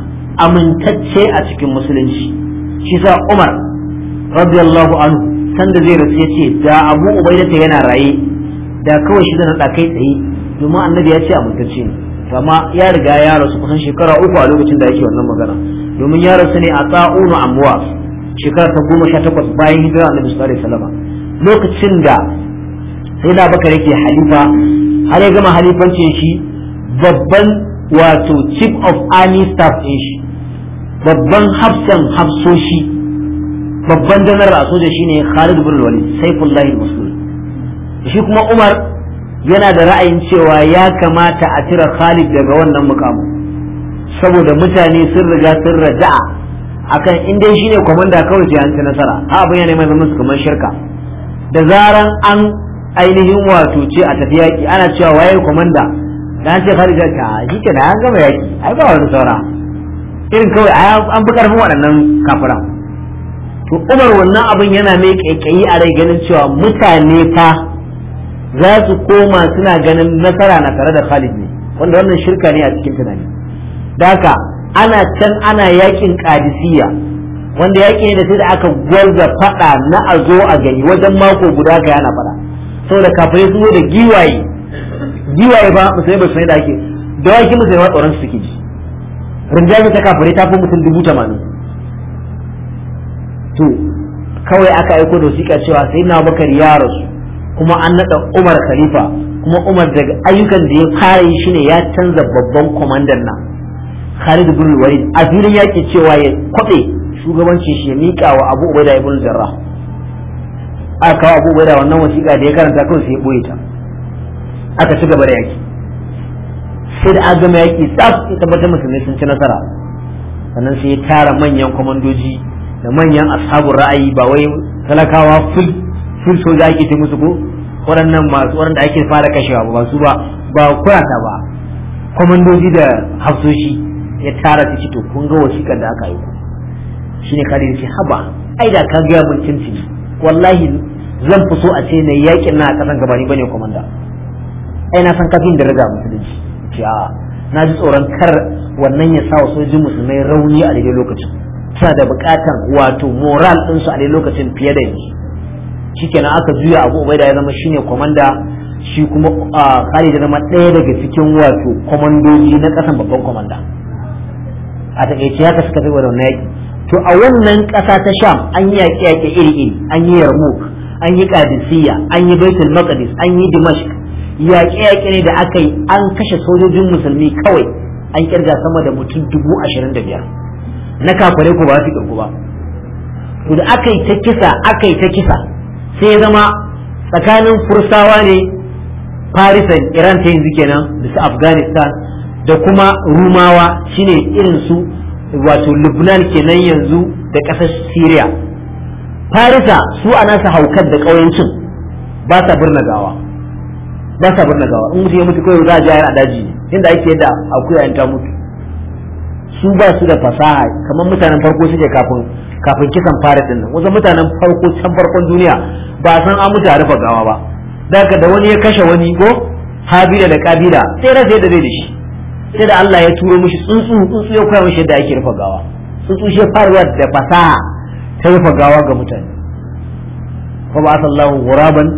amintacce a cikin musulunci shi sa Umar radiyallahu anhu sanda zai rasu yace da Abu Ubaida yana raye da kawai shi zan kai tsaye domin annabi ya ce mutunci ne amma ya riga ya rasu kusan shekara uku a lokacin da yake wannan magana domin ya rasu ne a tsa'unu amwa shekara ta goma sha takwas bayan hijira annabi sallallahu alaihi wasallam lokacin da sai da bakar yake halifa har ya gama halifancin shi babban wato chief of army staff din shi babban hafsan hafsoshi babban danar a soja shine Khalid bin Walid Saifullahi Muslim shi kuma Umar yana da ra'ayin cewa ya kamata a cire Khalid daga wannan mukamu saboda mutane sun riga sun raja'a akan in dai shine komanda kawai sai an ci nasara ha abin yana mai musu kamar shirka da zaran an ainihin wato ce a tafi yaki ana cewa waye komanda dan ce Khalid ta ah, shi ke da an gama yaki ai ba wani saura irin kawai an fi karfin waɗannan kafiran to umar wannan abin yana mai kaikayi a rai ganin cewa mutane fa za su koma suna ganin nasara na tare da Khalid ne wanda wannan shirka ne a cikin tunani daka ana can ana yakin kadisiya wanda yaki ne da sai da aka gwarza fada na a zo a gani wajen mako guda ka yana fada saboda kafirai sun da giwaye giwaye ba musulmai ba su da ake da waki musulmai tsoron su suke ji rinjami ta kafare ta fi mutum dubu tamanin to kawai aka aiko da wasiƙa cewa sai na bakar ya rasu kuma an naɗa umar khalifa kuma umar daga ayyukan da ya fara yi shine ya canza babban kwamandan nan khalid bin walid a filin yaki cewa ya kwaɓe shugabancin shi ya miƙa wa abu ubaida ibn jarra aka kawo abu ubaida wannan wasiƙa da ya karanta kawai sai ya ɓoye ta aka ci gaba da yaki. sai da agama gama yaƙi tsaf ya tabbatar musulmai sun ci nasara sannan sai ya tara manyan kwamandoji da manyan ashabun ra'ayi ba wai talakawa ful ful soja ake ta musu ko waɗannan masu waɗanda ake fara kashewa ba su ba ba kurata ba kwamandoji da hafsoshi ya tara su ci to kun ga wasiƙa da aka yi ne kare shi haba ai da ka gaya mun cincin wallahi zan fi so a ce na yaƙin na a ƙasan gabani ne komanda ai na san kafin da raga musulunci ce na ji tsoron kar wannan ya sa wa sojin musulmai rauni a daidai lokacin suna da bukatar wato moral ɗinsu a daidai lokacin fiye da yanzu shikenan aka juya abu ubaida ya zama shine komanda shi kuma kare da zama ɗaya daga cikin wato komandoji na ƙasan babban komanda a takaice haka suka fi wannan yaƙi to a wannan ƙasa ta sham an yi yaƙe-yaƙe iri-iri an yi yarmouk an yi kadisiya an yi baitul maqdis an yi dimashq yaƙe-yaƙe ne da aka yi an kashe sojojin musulmi kawai an kirga sama da mutum dubu ashirin da biyar na kakwarai ko ba su kirku ba to da aka yi ta kisa aka yi ta kisa sai zama tsakanin fursawa ne farisan iran ta yanzu kenan da su afghanistan da kuma rumawa shine irin su wato lubnan kenan yanzu da ƙasar syria farisa su a nasa haukar da ƙauyancin ba sa birna gawa ba sa barna gawa in mutum ya mutu kawai za a jayar a daji inda ake yadda akuya in ta mutu su ba su da fasaha kamar mutanen farko suke kafin kafin kisan fara din nan wasu mutanen farko can farkon duniya ba san an mutu a rufe gawa ba daga da wani ya kashe wani ko habila da kabila sai rasa yadda zai da shi sai da Allah ya turo mishi tsuntsu tsuntsu ya kwaya mishi yadda ake rufe gawa tsuntsu shi faruwa da fasaha ta rufe gawa ga mutane ko ba sallahu ghuraban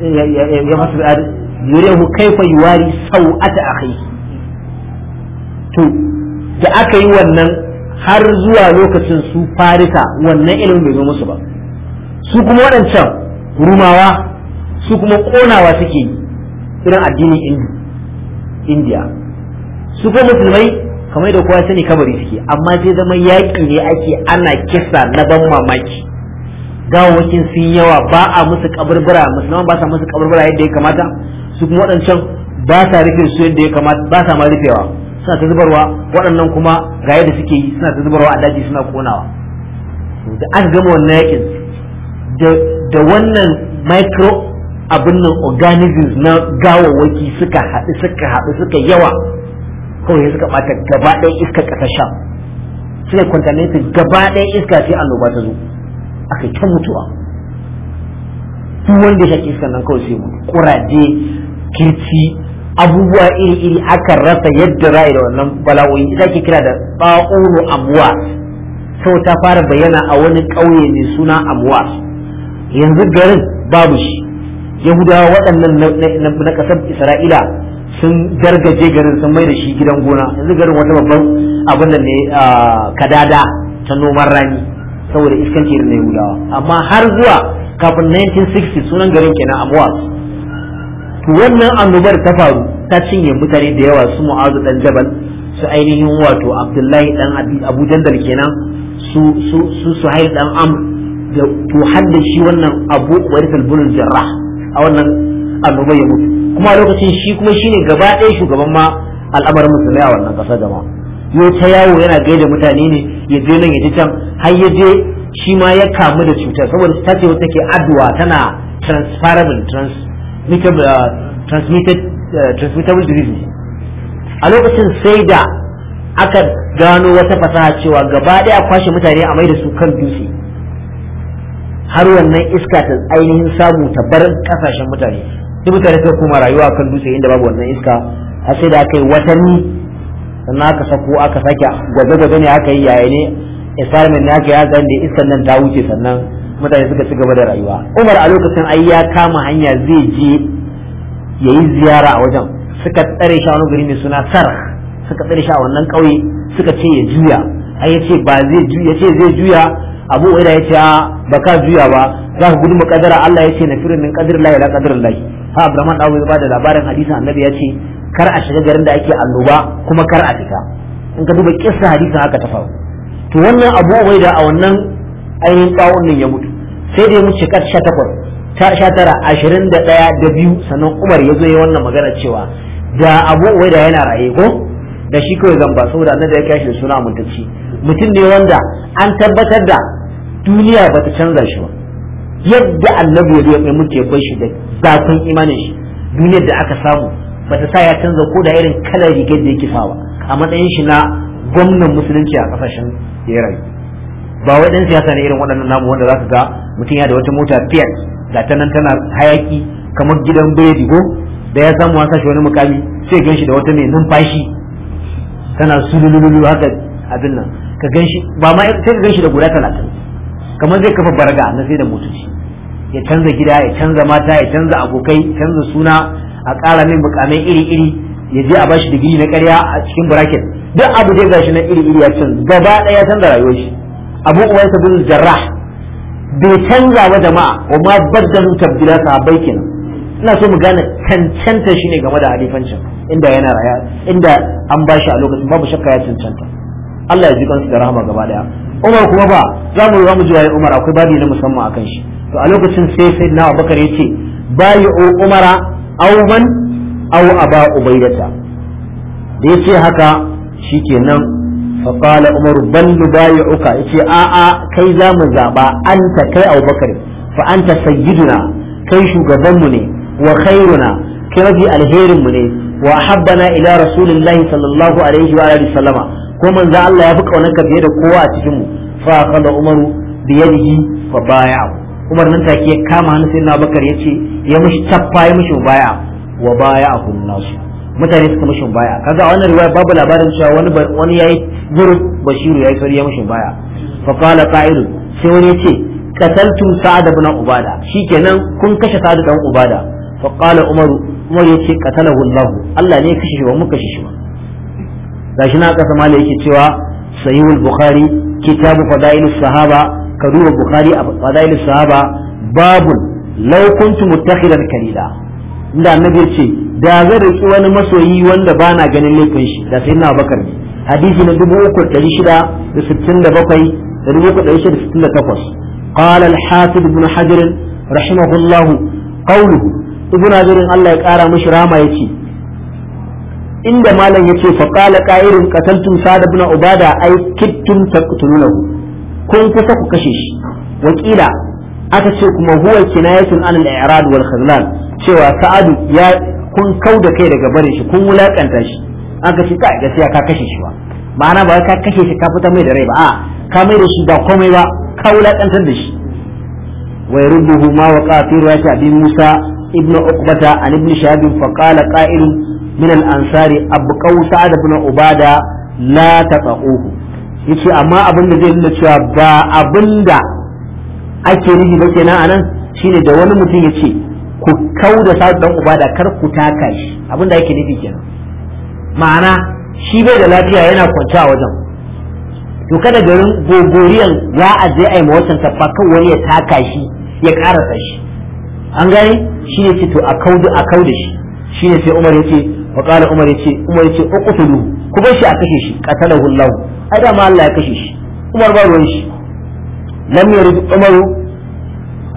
ya masu bi'ar kai kaifa yuwari sau'ata akhi to da aka yi wannan har zuwa lokacin su farisa wannan ilimin bai zo musu ba su kuma waɗancan rumawa su kuma ƙonawa suke irin addinin indiya su kuma musulmai kamar da kowa sani kabari suke amma sai zama yaƙi ne ake ana kisa na ban mamaki gawawakin sun yawa ba a musu kaburbura musulman ba sa musu kaburbura yadda ya kamata su kuma waɗancan ba sa rufe su yadda ya kamata ba sa ma rufewa suna ta zubarwa waɗannan kuma ga yadda suke yi suna ta zubarwa a daji suna konawa da an gama wannan yakin da wannan micro abin nan organisms na gawawaki suka haɗu suka haɗu suka yawa kawai suka ɓata gaba ɗaya iska ƙasashen sham suka contaminated gaba ɗaya iska sai annoba ta zo aka ta mutuwa duk wanda ya shaƙi sannan kawai sai mutu kuraje kirci abubuwa iri-iri aka rasa yadda ra'ayi da wannan bala'o'i ita ke kira da tsa'ulu amuwa sau ta fara bayyana a wani ƙauye mai suna amuwa yanzu garin babu shi yahudawa waɗannan na ƙasar isra'ila sun gargaje garin sun mai da shi gidan gona yanzu garin wata babban abin da ne ah, kadada ta noman rani saboda iskanci irin na yahudawa amma har zuwa kafin 1960 sunan garin kenan amwas to wannan annobar ta faru ta cinye mutane da yawa su mu'azu dan jabal su ainihin wato abdullahi dan abu jandal kenan su su su suhail dan amr da to hadda shi wannan abu warith al jarrah a wannan annobar ya mutu kuma lokacin shi kuma shine gaba ɗaya shugaban ma al'amarin musulmai a wannan ƙasa jama'a yau ta yawo yana gaida mutane ne ya je nan ya ji can har ya je shi ma ya kamu da cutar saboda ta ce wata ke addu'a tana transferable uh, uh, transmittable disease a lokacin sai da aka gano wata fasaha cewa gaba ɗaya kwashe mutane a mai da su kan dutse har wannan iska ta ainihin samu ta bar kasashen mutane duk mutane suka koma rayuwa kan dutse inda babu wannan iska har sai da aka yi watanni sannan aka sako aka sake gwaje-gwaje ne aka yi yaya ne isarmin ne aka yi haka da iskan nan ta wuce sannan mutane suka ci gaba da rayuwa umar a lokacin ai ya kama hanya zai je ya yi ziyara a wajen suka tsare shi a wani gari mai suna sar suka tsare shi a wannan ƙauye suka ce ya juya ai ya ce ba zai juya ce zai juya abu wanda ya ce ba ka juya ba za ka gudu kadara Allah ya ce na firin min kadir la ila kadir ha abdurrahman dawo ya bada labarin hadisin annabi ya ce kar a shiga garin da ake annoba kuma kar a fita in ka duba kissa hadisin haka ta faru to wannan abu ubaida a wannan ainihin tsawon nan ya mutu sai da ya mutu shekar sha ta sha tara ashirin da ɗaya da biyu sannan umar ya zo ya wannan magana cewa da abu yana raye ko da shi kawai zan ba saboda da ya kashi da suna amintacci mutum ne wanda an tabbatar da duniya ba ta canza shi ba yadda annabi ya zo ya mutu ya bar shi da zafin imanin shi duniyar da aka samu bata sa ya canza ko da irin kalar rigar da yake ba a matsayin shi na gwamnan musulunci a kasashen da ba wai dan siyasa ne irin waɗannan namu wanda za su ga mutum ya da wata mota Fiat ga ta nan tana hayaki kamar gidan biredi ko da ya samu wasa shi wani mukami sai gan shi da wata mai numfashi tana sulululu haka abin nan ka gan shi ba ma sai ka gan shi da guda talatin kamar zai kafa barga na sai da motoci ya canza gida ya canza mata ya canza abokai canza suna a ƙara min mukamai iri-iri ya je a bashi digiri na ƙarya a cikin bracket duk abu dai gashi na iri-iri ya ce gaba ɗaya canza rayuwar shi abu uwaisa bin jarrah bai canza wa jama'a wa ma baddalu tabdila ta baikin ina so mu gane cancanta shine game da halifancin inda yana raya inda an bashi a lokacin babu shakka ya cancanta Allah ya ji kansu da rahama gaba daya Umar kuma ba za mu za mu ji yayi Umar akwai babi na musamman akan shi to a lokacin sai sai na Abubakar ce bayu Umara aw man aw aba ubaidata da yace haka shikenan fa qala umar bal nubayi'uka yace a a kai za mu zaba anta kai abubakar fa anta na. kai shugaban mu ne wa khairuna kai mafi alherin mu ne wa habbana ila rasulillahi sallallahu alaihi wa alihi sallama ko manzo Allah ya fi kaunar ka fiye da kowa a cikin mu fa qala umaru biyadihi fa baya. umar nan take ya kama hannu sayyidina abubakar ya ce ya mushi tappa ya mushi baya wa baya a nasu mutane suka mushi baya kaga a wannan riwaya babu labarin cewa wani wani yayi zuru bashiru yayi sauri ya mushi baya fa qala qa'ilun sai wani ya ce qataltu sa'ad ibn ubada shikenan kun kashe sa'ad dan ubada fa qala umaru umar ya ce qatalahu allah allah ne ya kashe shi ba mu kashe shi ba gashi na kasa mala yake cewa sahihul bukhari kitabu fadailus sahaba ka duba bukhari a fadail sahaba babun law kuntu muttakhidan kalila inda annabi ce da zan riki wani masoyi wanda bana ganin laifin shi da sayyidina abubakar ne hadisi na 3667 da 3668 قال الحافظ ابن حجر رحمه الله قوله ابن حجر الله يقارى مش راما يتي inda malam yace fa qala qa'irun qataltum sa'd ibn ubada ay kittum taqtulunahu kun kusa ku kashe shi wakila aka ce kuma huwa kinayatun anil i'rad wal khazlan cewa sa'adu ya kun kau da kai daga barin shi kun wulakanta shi aka ce kai gaskiya ka kashe shi ba ma'ana ba ka kashe shi ka fita mai da rai ba a ka mai da shi ba komai ba ka wulakantar da shi wa yarudduhu ma wa qafiru ya ta Musa ibnu Uqbata an ibn Shahab fa qala qa'il min al-ansari abqaw sa'ad ibn Ubada la taqahu yace amma abin da zai nuna cewa ba abin da ake nufi ba kenan anan shine da wani mutum yace ku kau da sa dan uba da kar ku taka shi abin da ake nufi kenan ma'ana shi bai da lafiya yana kwance a wajen to kada garin gogoriyan za a je a yi mawasan tafa kan wani ya taka shi ya karasa shi an gane shi ne ce to a kaudu a kaudu shi shi ne sai umar ya ce wa umar ya ce umar ya ce uqtulu ku bar shi a kashe shi da allah ada ma Allah ya kashe shi Umar ba ruwan shi lam yurid Umar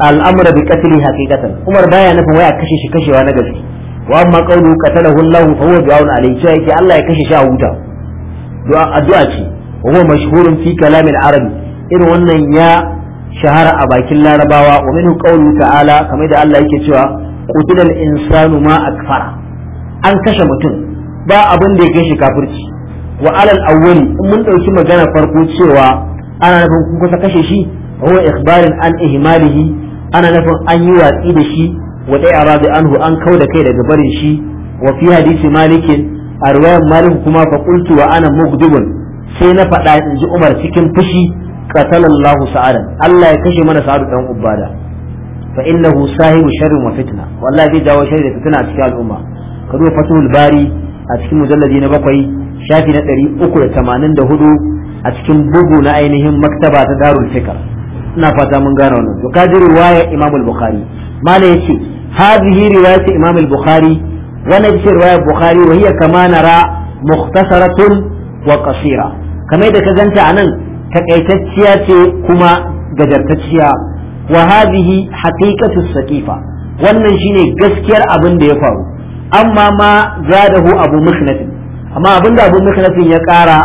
al-amra bi qatli haqiqatan Umar baya nufin waya kashe shi kashewa na gaske wa amma qawlu qatalahu Allah fa huwa bi'aun alayhi cewa yake Allah ya kashe shi a wuta du'a addu'a ce wa huwa mashhurun fi kalam al-arabi irin wannan ya shahara a bakin larabawa wa minhu qawlu ta'ala kamar da Allah yake cewa qutila al-insanu ma akfara an kashe mutum ba abin da ya kai shi kafirci wa alal awwal mun dauki magana farko cewa ana nufin kun kusa kashe shi huwa ikhbarin an ihmalihi ana nufin an yi watsi da shi wa dai arabi anhu an kau da kai daga barin shi wa fi hadisi malikin a riwayar malik kuma fa qultu wa ana mugdibun sai na faɗa in ji umar cikin fushi qatalallahu sa'ada Allah ya kashe mana sa'adu dan ubada fa innahu sahibu sharri wa fitna wallahi zai jawo sharri da fitna a cikin al'umma duba fatul bari a cikin mujalladi na bakwai shafi na ɗari uku da tamanin da hudu a cikin bugu na ainihin maktaba ta darul fikar ina fata mun gane wannan to kaji riwaya imam al-bukhari mala yace hadhihi riwayat imam al-bukhari wannan ce riwayar bukhari wa hiya kama nara mukhtasaratun wa qasira kamar da ka ganta anan takaitacciya ce kuma gajartacciya wa hadhihi haqiqatu saqifa wannan shine gaskiyar abin da ya faru amma ma zadahu abu musnad amma abin da abun mukhnasin ya kara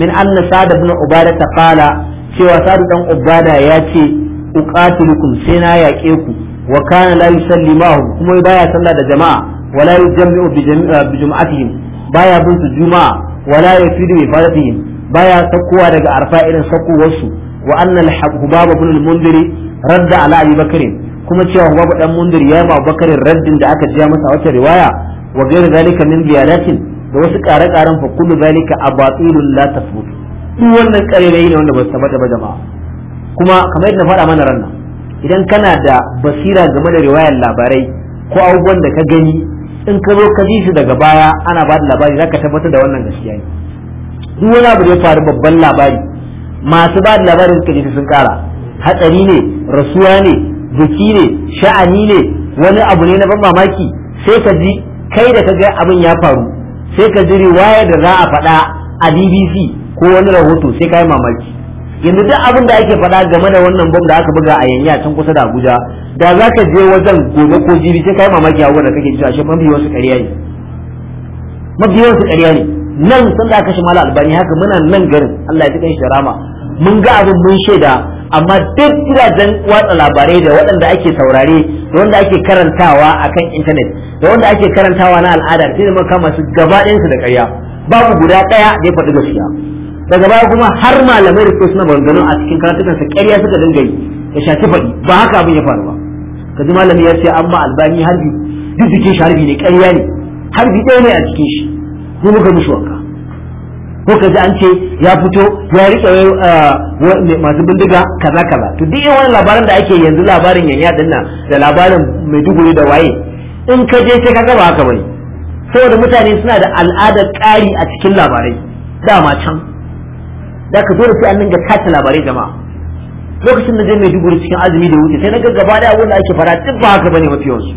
min anna sada ibn ubada ta kala cewa sa'd dan ubada ya ce uqatilukum sai na yaƙe ku wa kana la yusalli kuma baya sallah da jama'a wala yujammi'u eh, bi jum'atihim baya bin su juma'a wala yafidu bi fadatihim baya sakkowa daga arfa irin sakkowarsu wa anna al-hubab ibn al-mundiri radda ala abi bakr kuma cewa hubab dan mundiri ya ba bakarin raddin da aka ji masa wata riwaya wa ghayr zalika min biyalatin da wasu ƙare-ƙaren fa kullu zalika abatilun la tasbut duk wannan ƙarerai ne wanda ba su tabbata ba jama'a kuma kamar yadda faɗa mana ranna idan kana da basira game da riwayar labarai ko abubuwan da ka gani in ka zo ka ji su daga baya ana ba da labari zaka tabbatar da wannan gaskiya ne duk wani abu da ya faru babban labari masu ba da labarin suka ji sun kara hatsari ne rasuwa ne biki ne sha'ani ne wani abu ne na ban mamaki sai ka ji kai da ka ga abin ya faru sai ka ji waye da za a faɗa a BBC ko wani rahoto sai ka yi mamaki yanzu duk abin da ake faɗa game da wannan bom da aka buga a yanya can kusa da Abuja da za ka je wajen gobe ko jibi sai ka yi mamaki a wurin da kake cewa shi mafi su ƙarya ne mafi su ƙarya ne nan sun da aka shi mala albani haka muna nan garin Allah ya ji shi rama mun ga abin mun shaida amma duk gidajen watsa labarai da waɗanda ake saurare da wanda ake karantawa a kan intanet da wanda ake karantawa na al'ada sai mun kama su gaba ɗayansu da ƙarya babu guda ɗaya da ya faɗi gaskiya daga baya kuma har malamai da suke suna maganganu a cikin karatukan su ƙarya suka dinga yi ya shafi faɗi ba haka abin ya faru ba Ka ji malami ya ce amma albani harbi duk jikin shi harbi ne ƙarya ne harbi ɗaya ne a cikin shi mu muka mishi wanka ko ka ji an ce ya fito ya rike masu bindiga kaza kaza to duk wani labarin da ake yanzu labarin yanya dinnan da labarin mai duguri da waye in ka je sai ka gaba haka bane saboda mutane suna da al'adar ƙari a cikin labarai dama can da ka zo da sai an dinga kace labarai jama'a lokacin da je maiduguri cikin azumi da wuce sai na gaba da abin da ake fara duk ba haka bane mafi yawansu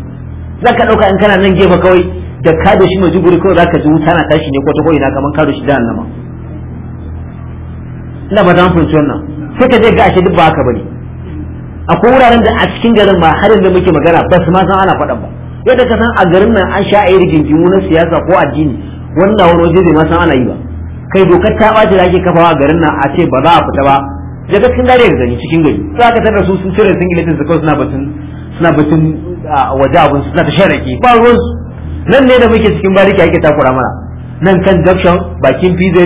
zaka dauka in kana nan gefe kawai da ka da shi mai juguri kawai ka ji wuta na tashi ne ko ta koyi na kaman ka da shi nama. ina ba zan fahimci wannan sai ka je ga ashe duk ba haka bane akwai wuraren da a cikin garin ba har yanzu muke magana ba su ma san ana faɗa ba yadda ka san a garin nan an sha a yi rigingimu na siyasa ko addini wannan wani waje bai ma san ana yi ba kai dokar ta ɓaci da ake kafawa a garin nan a ce ba za a fita ba da gaskin dare da gani cikin gari za ka tarar su sun cire singiletin su kawai suna batun suna batun ah, waje abin suna ta sharaki ba ruwan nan ne da muke cikin bariki ake takura mana nan kan junction bakin pz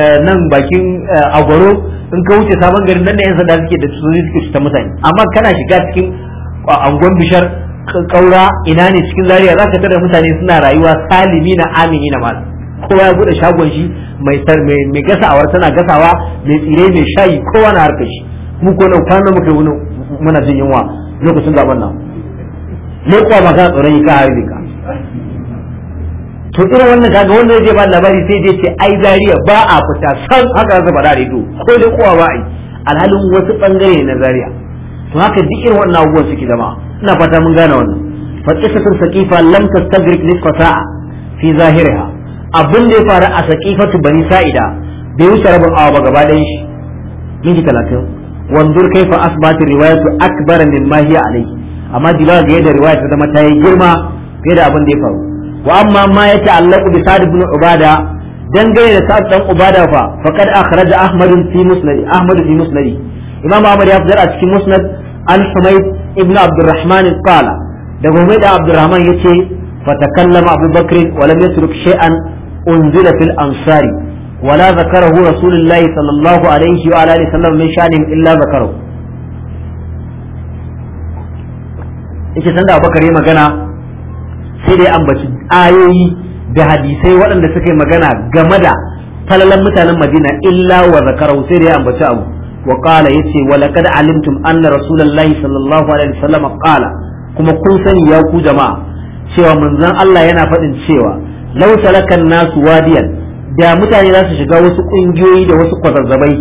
eh, nan bakin eh, agwaro in ka wuce sabon garin nan ne yan sanda suke da su suke ta mutane amma kana shiga cikin angon bishar kaura ina ne cikin zaria za ka tara mutane suna rayuwa salimi na amini na masu kowa ya bude shagon shi mai mai gasawar tana gasawa mai tsire mai shayi kowa na harkar shi mu ko nan kwana wani muna jin yunwa lokacin zaben nan ne kuwa ba ka tsoron yi ka harbe ka to irin wannan kaga wanda zai ba labari sai dai ce ai zariya ba a fita san haka zai da rido ko dai kowa ba ai alhalin wasu bangare na zariya to haka duk irin wannan abubuwan suke zama ina fata mun gane wannan fa qissatun saqifa lam tastadrik li sa'a fi zahiriha abin da ya faru a saqifatu bani sa'ida bai wuce rabin awa ba gaba ɗayan shi minti talatin wandur fa asbatu riwayatu akbara mimma hiya alayhi amma da yadda riwaya ta zama ta yi girma fiye da abin da ya faru wa amma ma ya ta'allaqu bi sa'd ibn ubada dangane da sa'd dan ubada fa faqad akhraja ahmad fi musnad ahmad fi musnad imam ahmad ya fitar a cikin musnad an ibnu ibn abdurrahman qala da humayd abdurrahman yace fatakallama abubakar wa lam yatruk shay'an unzila ansari ولا ذكره رسول الله صلى الله عليه وعلى اله وسلم من شانهم الا ذكره yake san da abubakar magana sai dai ambaci ayoyi da hadisai waɗanda suka yi magana game da falalan mutanen madina illa wa zakarau sai da ya ambaci abu wa ya ce wa laqad alimtum anna rasulullahi sallallahu alaihi wasallam qala kuma kun sani ya ku jama'a cewa manzon Allah yana faɗin cewa law salakan nasu wadiyan da mutane za su shiga wasu ƙungiyoyi da wasu kwazazzabai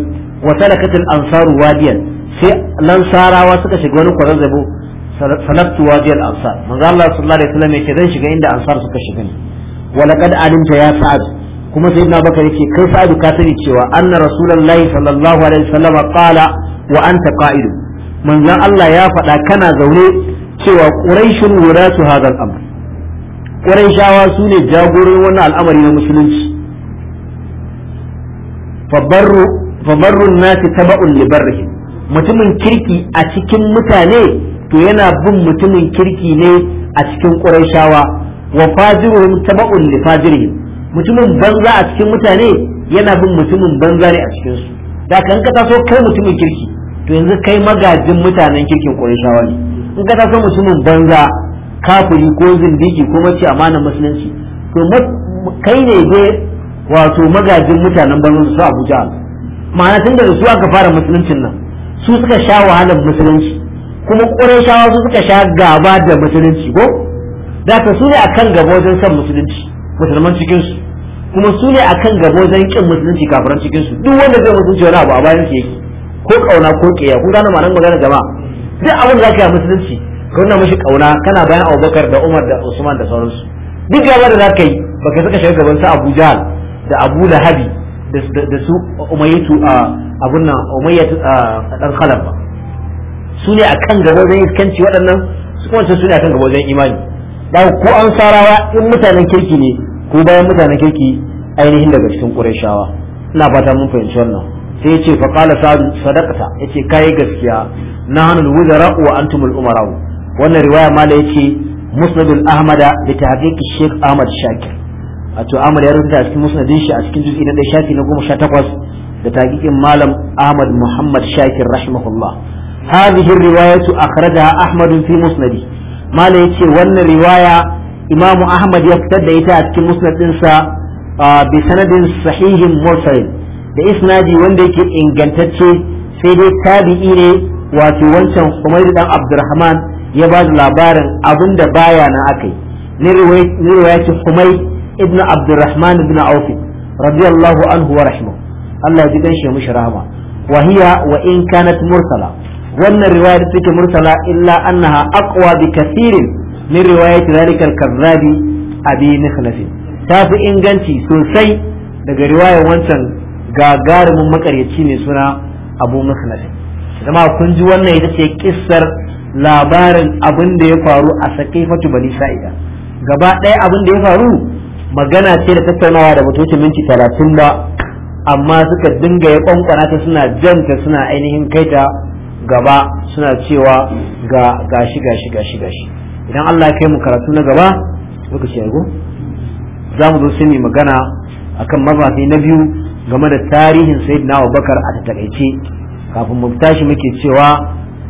wa salakatil ansaru wadiyan sai lansarawa suka shiga wani kwazazzabo salaktu wajiyal ansar manzo Allah sallallahu alaihi wasallam yace zan shiga inda ansar suka shiga ne wa laqad alimta ya sa'ad kuma sayyidina bakar yace kai sa'ad ka sani cewa anna rasulullahi sallallahu alaihi wasallam qala wa anta qa'id manzo Allah ya faɗa kana zaune cewa quraishun wuratu hadha al-amr quraishawa sune jagororin wannan al'amari na musulunci fabarru fabarru nasi taba'un li mutumin kirki a cikin mutane to yana bin mutumin kirki ne a cikin qurayshawa wa fajiruhum tabaun li fajirihim mutumin banza a cikin mutane yana bin mutumin banza ne a cikin su da kan ka taso kai mutumin kirki to yanzu kai magajin mutanen kirkin qurayshawa ne in ka taso mutumin banza kafiri ko zindiki ko mace amanar musulunci to kai ne dai wato magajin mutanen banza su Abuja ma'ana tun da su aka fara musuluncin nan su suka sha wahalar musulunci kuma ƙurashawa su suka sha gaba da musulunci ko da ka su ne a kan gaba wajen san musulunci musulman cikinsu kuma su ne a kan gaba wajen ƙin musulunci kafiran cikinsu duk wanda zai musulunci wani abu a bayan su yake ko ƙauna ko ƙiya kun gane ma'anar magana jama'a duk abin da za ka yi musulunci ka nuna mashi ƙauna kana bayan abubakar da umar da usman da sauransu duk gaba da za ka yi baka suka shiga gaban su abu jahal da abu lahabi da su umayyatu abun nan umayyatu dan khalaf ba su ne akan gaba wajen iskanci waɗannan su kuma su ne kan gaba wajen imani da ko an sarawa in mutanen kirki ne ko bayan mutanen kirki ainihin daga cikin qurayshawa ina fata mun fahimci wannan sai yace fa qala sadu sadaqata yace kai gaskiya Na al-wuzara wa antum al-umara wannan riwaya mala yace musnadul ahmada bi tahqiqi shaykh ahmad shakir wato ahmad ya rubuta a cikin musnadin shi a cikin juz'i na 1 shafi na 18 da tahqiqin malam ahmad muhammad shakir rahimahullah هذه الرواية أخرجها أحمد في مسنده ما يتي وأن الرواية إمام أحمد يقتد إتاء في مسند إنسا بسند صحيح مرسل بإسنادي وأن يتي إن جنتتي سيدي تابعيني wato wancan Umair dan Abdurrahman ya ba da labarin abin da baya na akai ni riwayati Umair ibn Abdurrahman ibn Auf radiyallahu anhu wa rahimahu Allah ya ji dan shi mushi wa hiya wa wannan riwaya da take mursala illa annaha aqwa bi kathirin min riwaya zalika al-kazzabi abi mikhlaf ta fi inganci sosai daga riwayar wancan gagarumin makaryaci ne suna abu mikhlaf jama'a kun ji wannan ita ce kissar labarin abin da ya faru a sakifatu bani sa'ida gaba ɗaya abin da ya faru magana ce da tattaunawa da mutuncin minti talatin ba amma suka dinga ya kwankwana ta suna janta suna ainihin kaita gaba suna cewa ga gashi gashi gashi gashi idan Allah ya kai mu karatu na gaba muka ce go za mu zo su magana akan mazafi na biyu game da tarihin sayyidina bakar a takaice kafin mu tashi muke cewa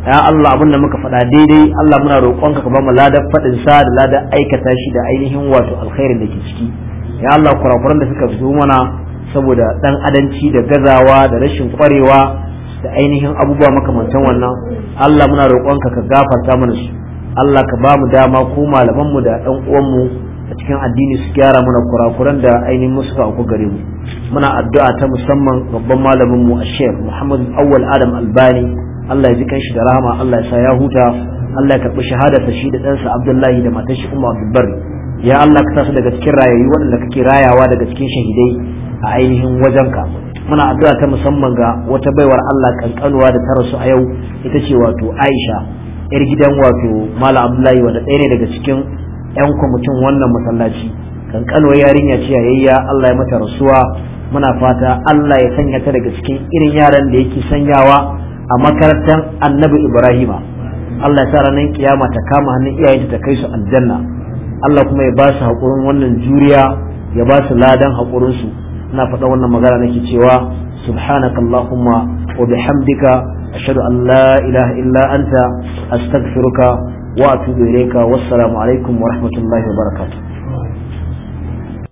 ya Allah abinda muka faɗa daidai Allah muna roƙonka ka ba mu ladan faɗin sa da ladan aikata shi da ainihin wato alkhairin da ke ciki ya Allah kurakuran da suka zo mana saboda dan adanci da gazawa da rashin kwarewa da ainihin abubuwa makamantan wannan Allah muna roƙonka ka gafarta mana su Allah ka bamu dama ko malaman mu da ɗan uwanmu a cikin addini su gyara mana kurakuran da ainihin musu uku gare mu muna addu'a ta musamman babban malamin mu Sheikh Muhammad Awwal Adam Albani Allah ya ji kanshi da rahama Allah ya sa ya huta Allah ya karɓi shahadarsa shi da ɗansa Abdullahi da matar shi Umma Abdul ya Allah ka sa su daga cikin rayayyu waɗanda kake rayawa daga cikin shahidai a ainihin wajen wajenka muna addu'a ta musamman ga wata baiwar Allah kankanuwa da ta rasu a yau ita ce wato Aisha yar gidan wato Malam Abdullahi wanda ɗaya ne daga cikin yan kwamitin wannan masallaci kankanuwa yarinya ce yayya Allah ya mata rasuwa muna fata Allah ya sanya ta daga cikin irin yaran da yake sanyawa a makarantar Annabi Ibrahima Allah ya sa ranar kiyama ta kama hannun iyayenta ta kai su aljanna Allah kuma ya ba su haƙurin wannan juriya ya ba su ladan haƙurinsu ana faɗa wannan magana nake cewa subhanakallahumma wa bihamdika ashhadu an la ilaha illa anta astaghfiruka wa atubu ilayka wassalamu alaikum wa rahmatullahi wa